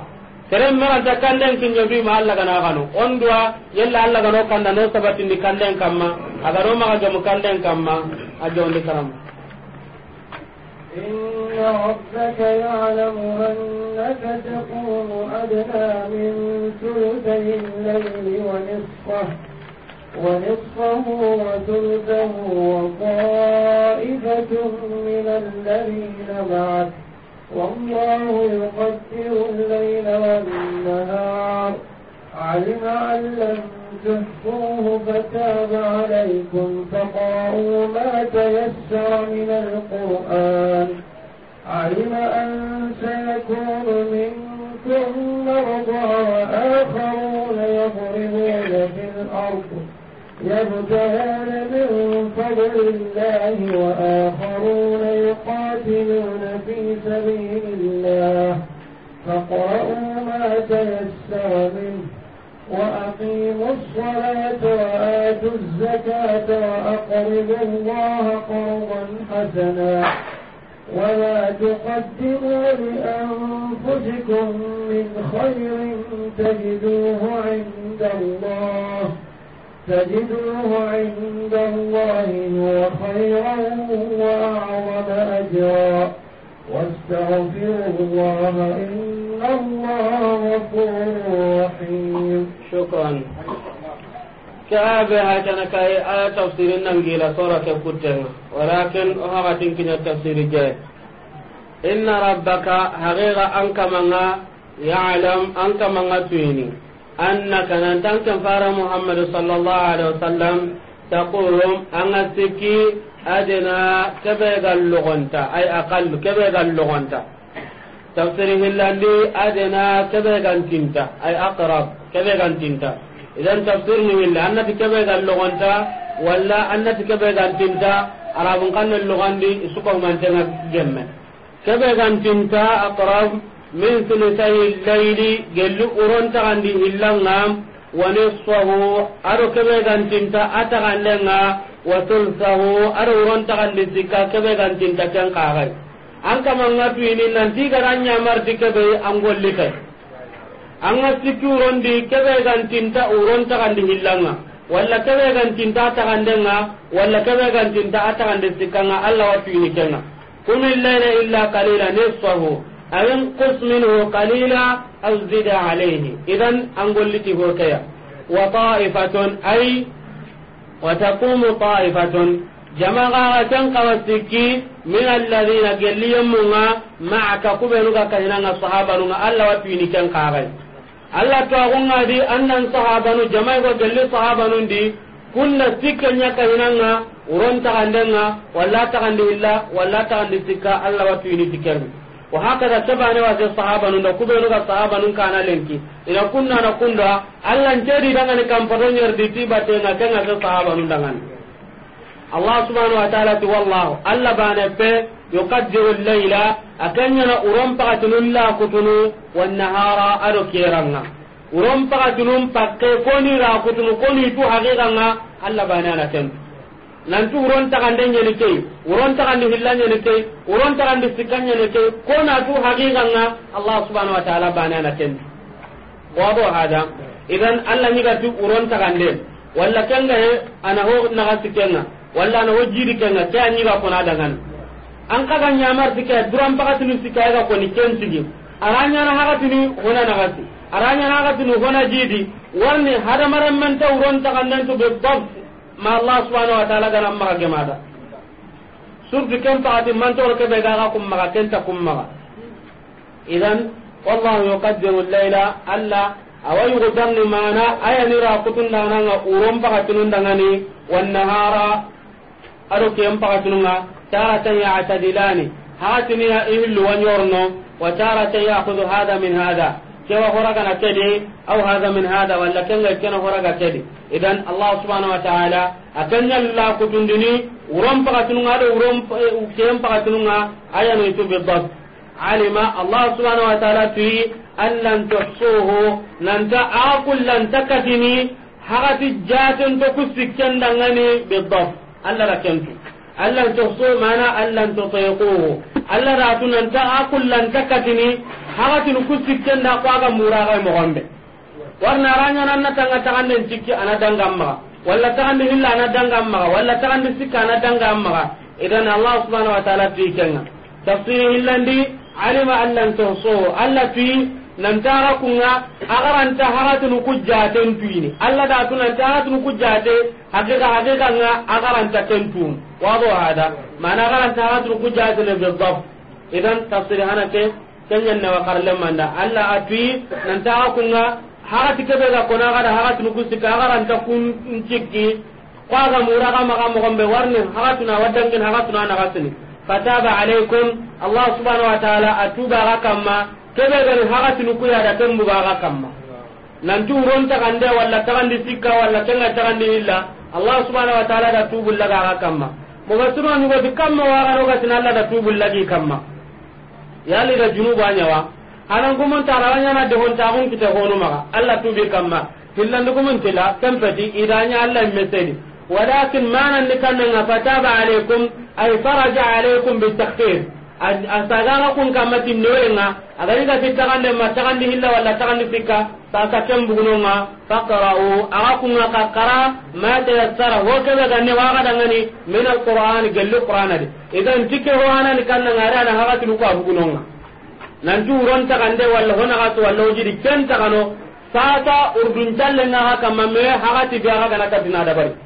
seren mara ta kanden kinya bi ma Allah gana kanu on dua yalla Allah kanu kanda no sabati ni kanden kamma agaro ma ga mu kanden kamma ajo ndi karam إن ربك يعلم أنك تقوم أدنى من ثلثي الليل ونصفه ونصفه وثلثه وطائفة من الذين معك والله يقدر الليل والنهار علم أن لم تحفوه فتاب عليكم فقرأوا ما تيسر من القرآن علم أن سيكون منكم مرضى وآخرون يضربون في الأرض يبتغون من فضل الله وآخرون يقاتلون في سبيل الله فاقرأوا ما تيسر منه وأقيموا الصلاة وآتوا الزكاة وأقرضوا الله قرضا حسنا ولا تقدموا لأنفسكم من خير تجدوه عند الله تجدوه عند الله وخيرا خيرا وأعظم أجرا واستغفروا الله إن شكرا كابه هاتنا كاي آية تفسير النمجيلة سورة كبتنا ولكن هغتين كنا التفسير جاي إن ربك حقيقة أنك منا يعلم أنك منا تويني أنك ننتنك فار محمد صلى الله عليه وسلم تقول أن السكي أدنى كبه اللغنتا أي أقل كبه اللغنتا tafsir hillandi adena kebe gantinta ay aqrab kebe gantinta idan tafsir hilla annati kebe gal logonta walla annati kebe gantinta arabun kanne logandi isuko mantena gemme kebe gantinta aqrab min thuluthay al-layli gelu uronta gandi hillangam wa nisfahu aro kebe gantinta atagandenga wa thulthahu aro uronta gandi sikka kebe gantinta kan an kama nga tuini nanti gara ñamarti kebe an golli kay an ga sikki urondi keɓe gantinta uron taxandi hillanga walla keɓe gantinta a taxandenga walla keɓe gantinta a taxande sikkanga allah wa tuini kenga kumi layla illa qalila nisfahu aw inqus minhu qalila aw zida alayhi idan an golliti hokeya wa ta'ifatun ay wa taqumu ta'ifatun jama'a tan kawasiki min alladhina galliyamunga ma'aka kubenuga kahinanga sahabanunga alla watini ken kagai alla to agunga di annan sahabanu jama'a go galli sahabanun di kunna sikka nya kahinanga uron ta kandenga walla ta kandi illa walla ta kandi sikka alla watini tikermi wa hakada tabane wa ze sahabanun da sahaba sahabanun kana lenki ina kunna na kunda alla ntedi dangane kam patonyer di tibatenga kenga ze sahabanun dangane allah subhanahu wa ta'ala ti wallahu alla bana pe yuqaddiru al-layla akanya na urom pakatunu la kutunu wan nahara ado kiranga urom pakatunu pakke koni ra kutunu koni tu haqiqanga alla bana na tan nantu uron takande nyene kee uron takande hillanya ne kee uron takande sikanya ne kee kona tu haqiqanga allah subhanahu wa ta'ala bana na tan wado hada idan alla nyiga tu uron takande walla kanga ana anaho na sikenga walla na wajiri kenga ke anyi ga kona dangan an kaga nyamar tike duran pakatinu sika ga koni kentigi aranya na hagatinu hona na gati aranya na hagatinu hona jidi warni hada maran man ta uron ta kandan to be bab ma allah subhanahu wa ta'ala ga amma ga mada surdu kem pakati man to ke be ga ga kum ma kenta kum ma idan wallahu yuqaddiru al-layla alla awayu gudanni mana ayani ra kutun dananga uron pakatinun dangani wan nahara ado ken pakatununga taratan yactadilani hakatiniya ihillu wañorno wa tara ya yakudu hada min hada kewa horagana kedi au hada min hada walla kenga kena horaga kedi idan allah subhanahu wa ta'ala akanya la kutundini urom pakatununga do urom eh, ken pakatununga ayanu itu bidab alima allah subhanahu wa ta'ala tuyi an lan tuhsuhu nanta aqul lan takatini hakati jaten to kusikkendangani bidab allah ra kentu allah to so mana allah to tayqo allah ra tunan ta akullan takatini hakatin kusikken da ko aga mura ga mo gambe warna ranya nan na tanga tanga cikki ana dangamma walla tanga hilla ana dangamma walla tanga sikka ana dangamma idan allah subhanahu wa ta'ala tikenga tafsiri hillandi alima allan to so allah fi nantara kunga agaranta haratunu ku jaten tuini allah datu nanta haratunu ku jate hakika hakika nga agaranta kentum wado hada mana agaranta haratunu ku jatene bidaf idan tafsir hanake kenyanne wa karlemanda allah atui nantara kunga harati kebe ga kona gada haratunu ku sika agaranta kun kwa ga mura ga maga mogombe warne na wadangin na nagasini fataba alaikum allah subhanahu wa ta'ala atuba rakamma kebe gani hakatinu kuyada ken bugaga kamma nanti urontakande walla tagandi sikka walla kenga tagandi illa allah subhanau wa taala da tubullagaga kamma mogasiroanugoti kamma waganogatin allah da tubullagi kamma yali da junuba ñawa anan mun kumontarawa ñana dehontagun kite honumaga allah tubi kamma hillandugumuntila kempeti idaña allah mesedi walakin mananni kannanga fataba alaikum ay faraja alaikum bitakfir asagara kun kamma timnewenga agani gati tagandi ma tagandi hilla walla tagandi sikka sasa ken bugunonga fakra'u aga kunga kakkara ma tayassara ho kebe ganne wagadangani min alqur'ani gelli qur'anadi idan tike hohanani kannanga ari ana hagatinu ko a bugunonga nanti uron tagande walla honagatu walla ojidi ken tagano sasa urdun callenga ha kamma mewe hagati be aga ganata dina dabari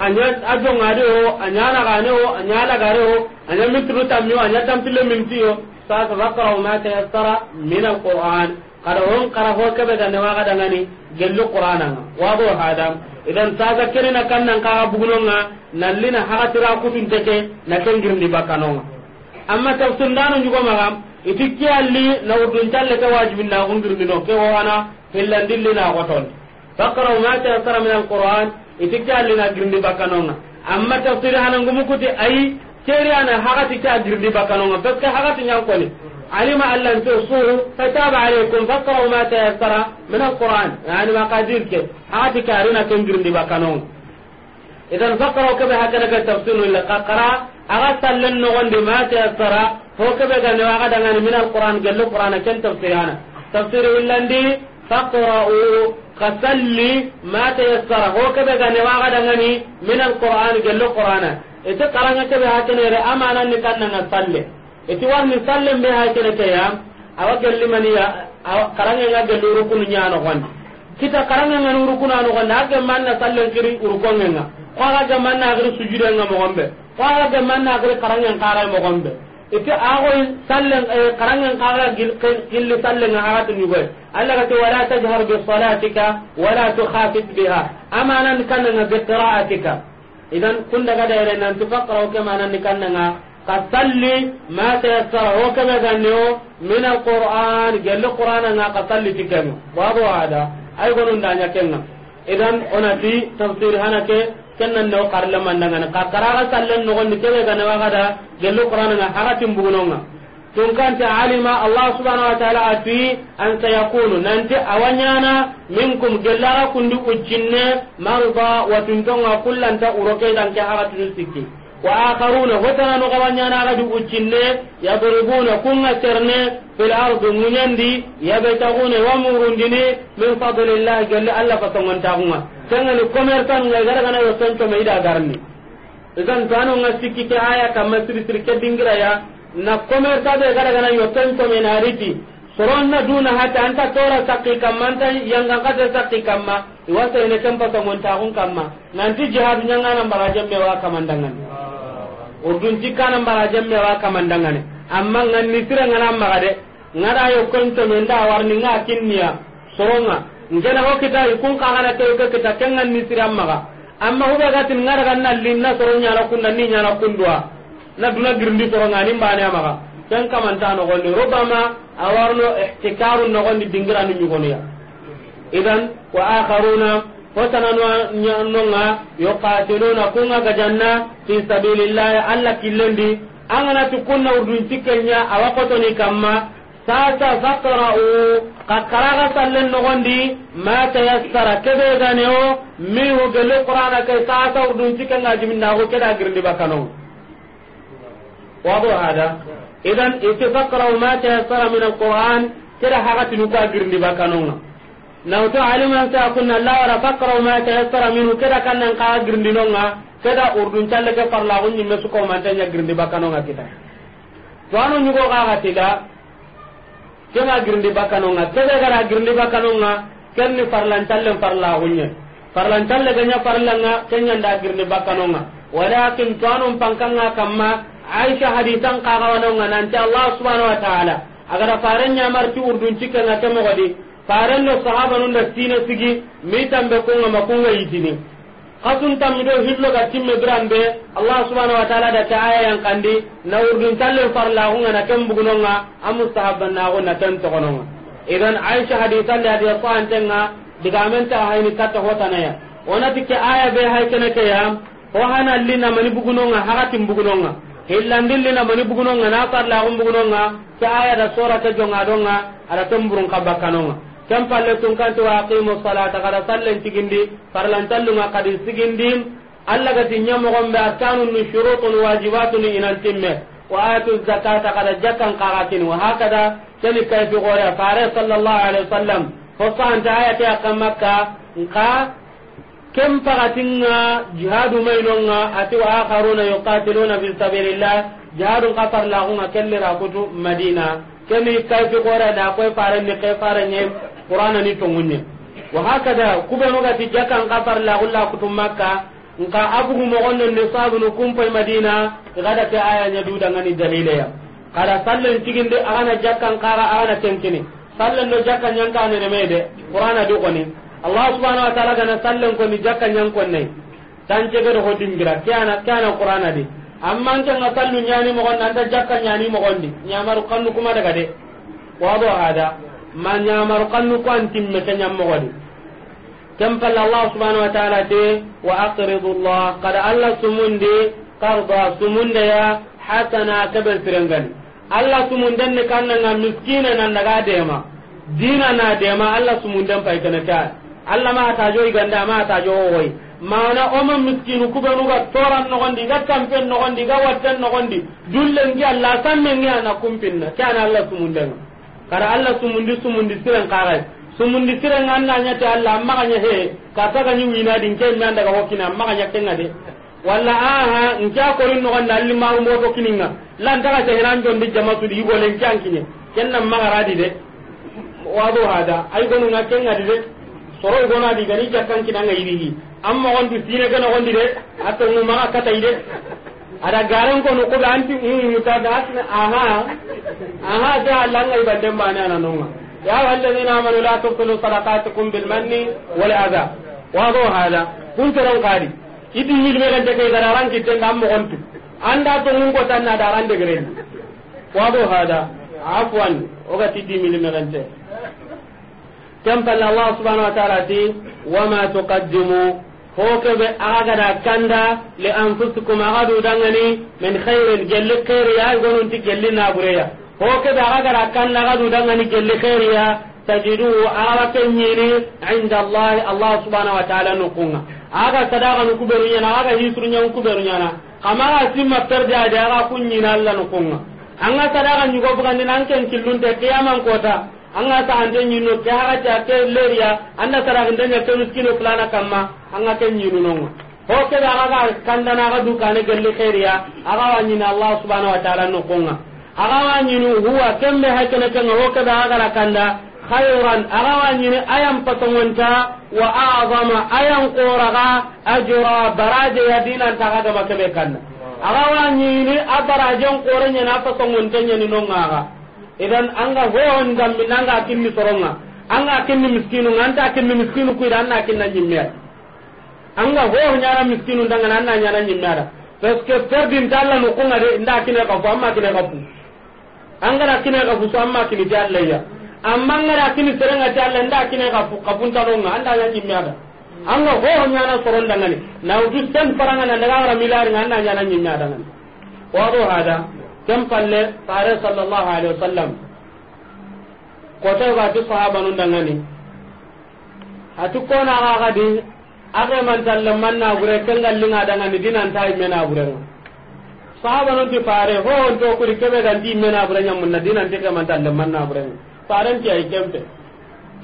anya ajongade o anya nagane o anya lagare o anya mitru tammi o anya tampile minti o sasa fakrau ma tayassara min alquran kada on kara ho kebe ga newa ga dangani gellu qur'ana nga wado hada idan sasa na kannan ka bugunonga nallina hakatira kutun teke na kengirni bakanonga amma tafsundano nyugo magam itikki alli na urdun challe ke wajibin na gungirni no ke wana fillandilli na goton fakrau ma tayassara min alquran iti ke alina girindi bakkanonga amma tafsir hanangumukuti ayi keri ana hakati ke a girindi bakkanonga paske hakati ñankoni alima allan to suru alaikum fakrau ma tayassara min alquran yani ma qadir ke hakati ke arina ken girindi bakkanonga idan fakrau kebe hakkenaga tafsiru illa kakara aga sallen nogondi ma tayassara hokebe gane aga dangani min alquran gelle qurana ken tafsir hana tafsiru illandi fakrau kasalli ma tayassara ho kebe ga ne waga dangani min alquran gello qur'ana ite karanga kebe hatene re amana ni kanna na salle ite warni salle be hatene ke ya awa gelli mani ya karanga ga gello rukunu nyano gon kita karanga ga rukunu anu gon na manna salle kiri urukonga ko ga manna ga sujude nga mo gombe ko ga na ga karanga kara mo gombe iti agoy sallan eh, karangan kaga gilli sallan agatu ni goy alla gati wala tajhar bi salatika wala tukhafit biha amanan kananga bi qira'atika idan kun daga dare nan tu faqra ke manan kananga ka salli ma tayassara o ke ganyo min alquran gelle qur'ana na ka salli tikanu babu ada ay gonun danya kenna idan onati tafsir hanake kennan no karle mandangana ka karaga sallen no gondi kebe ga nawaga da gelu qur'ana na haratin bugunonga tun kanta alima allah subhanahu wa ta'ala ati an sayakunu nanti awanyana minkum gellaga kundu ujinne marda wa tuntonga kullanta uroke dan ke haratun sikki وآخرون وتنا نغوانيا ناغدي وجنة يضربون كنا ترنة في الأرض منيندي يبتغون ومرندني من فضل الله جل الله فسمون تاغوما تنغني كوميرتان غيرغنا يوسنتو ميدا غارني idan tano nga sikki ke aya kamma siri ke dingira na komerta be gara gana yoten to mena riti soron na duna hata anta tora sakki kamma anta yanga kata sakki kamma iwasa ene tempa to monta hun kamma nanti na urdun jikkana mbara jamme wa kamandangane amma ngan ni ngana maga de ngada yo konto men da warni nga kinniya soronga ngena ho kita ikun kagana ke ke kita kengan ni tira maga amma hu ga tin ngada kan na linna soronya la kunna ni nyala kundwa na duna girndi soronga ni mbane maga ken kamanta no gondi rubama awarno ihtikaru no gondi dingira ni nyugoniya idan wa akharuna hotananoa ñannonga yoqatiluna kunga gajanna fi sabilillahi allah killendi ci kunna urdun cikkenya awa kotoni kamma sasa fakra'u ka karaga sallen nogondi ma tayassara kebe ganeo minhu gelu qur'ana ke sasa urdun cikkenga jimindago keda girdi bakano wabo hada idan iti fakra'u ma tayassara min alquran keda hagatinu ka girdi bakanonga nawto aliman sa kunna la wara fakra ma tayassara minhu kada kannan ka girndinonga kada urdun challe ke parla gunni mesu ko mantanya girndi bakanonga kita to anu nyugo ka hatila kema girndi bakanonga kada gara girndi bakanonga kenni parlan challe parla gunni parlan challe ganya parlanga kenya nda girndi bakanonga walakin to anu pankanga kamma aisha hadisan ka gawanonga nanti allah subhanahu wa ta'ala agara farenya marti urdun cikka ngate mogodi farenno sahaba nun da sino sigi mi tambe kunga makunga yitini kasun tammido hillo ga timme biranbe allah subhanahu wa ta'ala da ta'aya yan kandi na urdun talle farla hunga na kan bugunonga amustahabban na gonna tan tokononga idan aisha hadithan da ya san tanga diga men ta hayni katta hota na ya onati ke aya be hay kana ke ya ho hana lina mani bugunonga hakatin bugunonga hillandin lina mani bugunonga na farla hun bugunonga ta aya da sura ta jonga donga ara tamburun kabakanonga kem palle tun kanto wa aqimu salata kada sallen tigindi farlantallunga kadi sigindi allah gati ñamogonɓe arkanunu shurutun wajibatunu inantimme wa atu zakata kada jakkan karatini wa hakada keni kayfi gore fare sallallahu alaihi wasallam fosanta ayate akka makka nka kem pagatinga jihadu mainonga ati wa akharuna yuqatiluna fi sabilillah jihadu nka farlagunga kellirakutu madina keni kayfi gore da koy fare ni kay fare qur'ana ni tongunye wa hakada kubenu gati jakan kafar la ulla kutum makka nka abugu mogonnen ne sabunu kumpa madina gada ta aya nya duda ngani dalile ya kala sallen tiginde agana jakkan kara ana tenkini sallan do jakkan nyanka ne mede qur'ana do koni allah subhanahu wa ta'ala gana sallan ko ni jakkan nyankon ne tan cege do hodin gira kiana kiana qur'ana di amma kan sallu nyani mo nan da jakan nyani mo di nyamaru kannu kuma daga de wado hada ma nyamaru kannu ko antimme ke ñammogodi ken allah subhanau wa taala te wa aqridu llah kada allah sumundi karda sumundeya hasana sirengani allah sumunden ni kannanga miskine dema dina na dema allah sumunden pay kene ke allah ma hatajo igande ama owoy mana oma miskinu toran nogondi ga nogondi ga watten nogondi dullengi allah sammengi ana kumpinna ke ana allah sumundenga kara allah sumundi sumundi siren kaga sumundi siren anna na ta allah amma kanya he ka ta kanyi wina din ke mi daga ga hokina amma kanya kenga de walla aha nja korin no ganda alli ma mo to kininga lan daga ta hiran jondi jama su di bolen kyan kinye kenna magaradi de wado hada ay gonu na kenga de soro gona di gani jakkan kinanga yiri amma gondi sine gana gondi de ato mu maga kata ide ada garen ko no ko anti mm ta das aha aha da Allah ngai bande mana na nonga ya alladheena amanu la tubtilu sadaqatukum bil manni wal adha wa do hada kun taron kadi idi hilme me de kay daran kitte ngam mo ontu anda to mun ko tan na daran de gren wa do hada afwan o ga tiddi milme ga de kam palla Allah subhanahu wa ta'ala ti wa ma tuqaddimu hoke be aga gada kanda li anfusikum aga dudangani min hayrin gelli heriya igonunti gelli hoke be aga gada kanda aga dudangani gelli heriya tajiduhu aga kenyini inda allah allah subhanahu wa taala nukunga aga sadaka nukuɓeruñana aga hisuruñan kuɓeruñana kama aga simma perde ade aga kuñina allah nukunga anga sadaka ñugo bugandina an ken killunte kiyaman kota anga ta ande nyino ke haga ta ke leria anda tara ngende nya ke miskino plana kamma anga ke nyino nonga ho ke da aga kanda na aga dukane gelle khairia aga wa nyina allah subhanahu wa taala no konga aga wa nyino huwa kemme ha ke ke ho ke da aga kanda khairan aga wa nyini ayam patongonta wa a'zama ayam qoraga ajra baraje ya dinan ta aga makebe kanda aga wa nyini abaraje qorenye na patongonta nyini nonga aga idan an ga anga hoon gambi nanga kinni soronga anga kinni miskinu anta kinni miskinu ku idan kinna nyimmea anga ho nyana miskinu ndanga nanna nyana nyimmea parce que perdin dalla no kunga de nda kinna ka famma kinna ka pu an ra kinna ka pu so amma kinni dalla ya amma anga ra kinni serenga dalla nda kinna ka pu ka pun talonga anda nyana nyimmea anga ho nyana soron ndanga ni na udu sen paranga na daga ra milari nanna nyana nyimmea ndanga do hada kem palle fare sallallahu alaihi wasallam kote ba ti sahaba nun dangani atu ko na ga gadi aga man talle man na gure kengal linga dangani dinan tay mena gure sahaba nun ti fare ho on to kuri kebe dan di mena gure nyam mun dinan te ke man talle man na gure faren ti ay kemte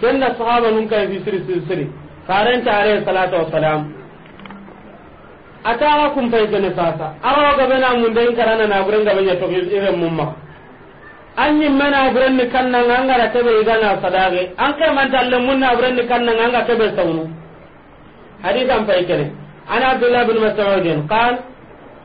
kenna sahaba nun kay bisiri siri faren ta alayhi salatu wassalam ataga kumpai kene sasa arawa gabena mundain karana na buren gabenya to ire mumma anyi mana buren ni kanna ngangara tebe igana sadage an kai man talle munna buren ni kanna nganga tebe sawnu hadithan pai kene an abdullah bin mas'ud qal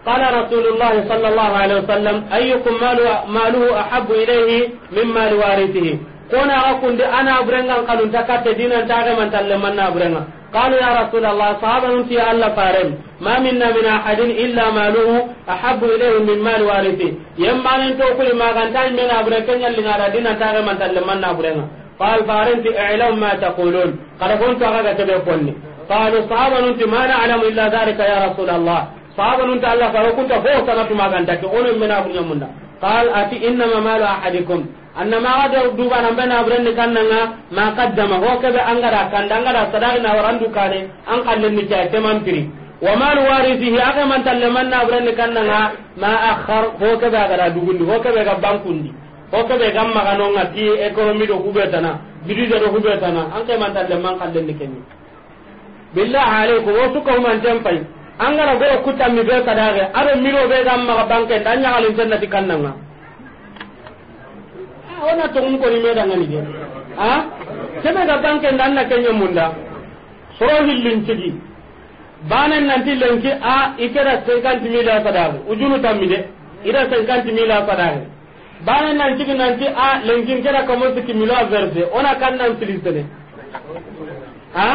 قال رسول الله صلى الله عليه وسلم أيكم ماله, ماله أحب إليه من مال وارثه كون أكون أنا أبرنا قالوا تكات دينا تاغي na تلمنا أبرنا قالوا يا رسول الله صحابة في الله فارم ما منا من أحد إلا ماله أحب إليه من مال وارثه يما أن تقول ما غنتان من أبركين اللي ناردنا تاغي من تلمنا أبرنا قال فارم في إعلام ما تقولون قال كنت أغاك تبقوني قالوا صحابة ما نعلم إلا ذلك يا رسول الله صحابة أنت الله فارو كنت فوق سنة ما غنتك أولو من أبرنا قال أتي إنما مال أحدكم anna maga do duba nan bana buren kan nan ma qaddama ho ke be angara kan dangara sadari na warandu kane an kallen ni jay teman piri wa mal warithihi aka man tallaman na buren kan nan ma akhar ho ke be agara dugundi ho ke be ga bankundi ho ke be ga magano ngati economy do kubetana bidide do tana an ke man tallaman kallen ni kenni billahi alaykum wa sukuman tampai angara go kutammi be kadare ado miro be ga maga banken dan na tannati kan nan ona to ngun koni meda ngani de ha kebe ga banke ndan na kenyo munda soro hillin tigi banen nanti lenki a ikera 50 mila sadagu ujunu tamide ira 50 mila sadagu banen nan tigi nanti a lenkin kera kamo siki milo verse ona kan nan filistene ha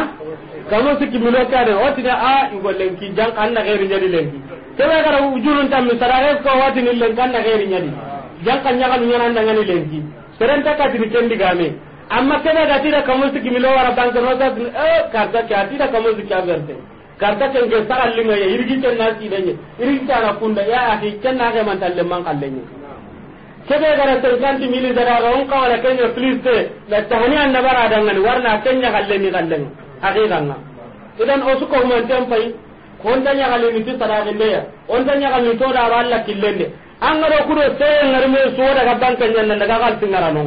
kamo siki milo kare otina a yugo lenki jan kan na gairi nyadi lenki kebe ga ujunu tammi sadagu ko watini lenkan na gairi nyadi janka nyaga nyana ndanga ni lengi serenta ka tini kendi game amma kena ga tida kamun siki milo wara banka no sa eh karta ka tida kamun siki averte karta ken ke sa allinga ye irgi ken na si denye irgi ta na kunda ya ahi ken na ga man talle man kallenye kebe gara tankanti mili zara ga on kawala kenya please te la tahni an nabara dangani warna kenya kallenye kallenye haqiqan idan o su suko man tempai kon tanya kallenye ti ne on tanya kallenye to da walla killende an ga kudo sai ngarme so daga bankan nan daga kaltin ngarano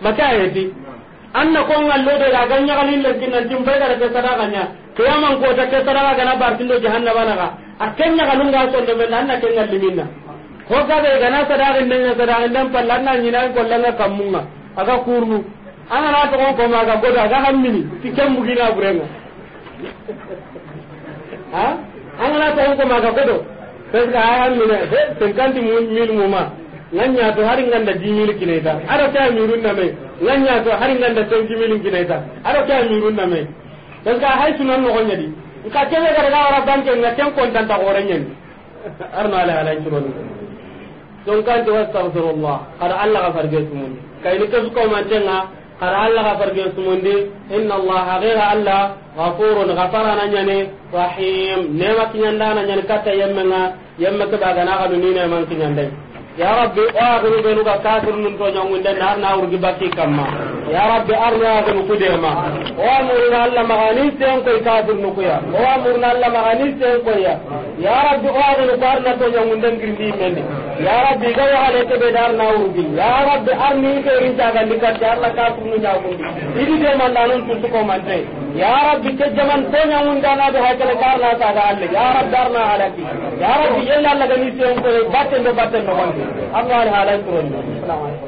maka yati anna ko ngallo de ga ganya kalin lekin nan tim bai daga sadaka nya kiyaman ko ta ke sadaka gana bartin do jahannama naga akenya kalun ga so de men anna ke ngalliminna ko ga de gana sadaka nan sadaka nan pallanna nyina ko langa kamunga aga kurnu ana na to ko ma ga goda ga hammini tikem bugina burenga [laughs] ha an na to ko ma ga godo peska aya mine cinquante mille muma nganya to hari nganda dix mille kineta ada ta mirun na me nganya to hari nganda cinq mille kineta ada ta mirun na me peska hay sunan no gonya di ka kebe gara ga wara banke na ken kontan ta gore nyen [laughs] arna ala ala sunan don kan to wastaghfirullah kada allah ga farge tumun kayni kasu ko man tenga kara allah ga farge sumundi inna allaha ghayra allah ghafurun ghafarana nyane rahim nema kinyanda na nyane kata yemma yemma ke bagana ga dunina man ya rabbi o aginu benu ga kafir nun to nyangunde na na urgi baki kamma ya rabbi arna aginu kudema o amurna alla magani sen koy kafir nu kuya wa amurna alla magani sen koy ya ya rabbi o aginu barna to nyangunde ngirndi menni ya rabbi ga ya ale ke bedar na urgi ya rabbi arni ke rinta ga likat ya alla kafir nu nyangundi idi de mandanun tun ko te. ya rabbi ke jaman to nyangunda na be kar na ta ga alle ya rabbi arna halaki ya rabbi yalla alla ga ni sen koy batte do batte do mante allah al halai turun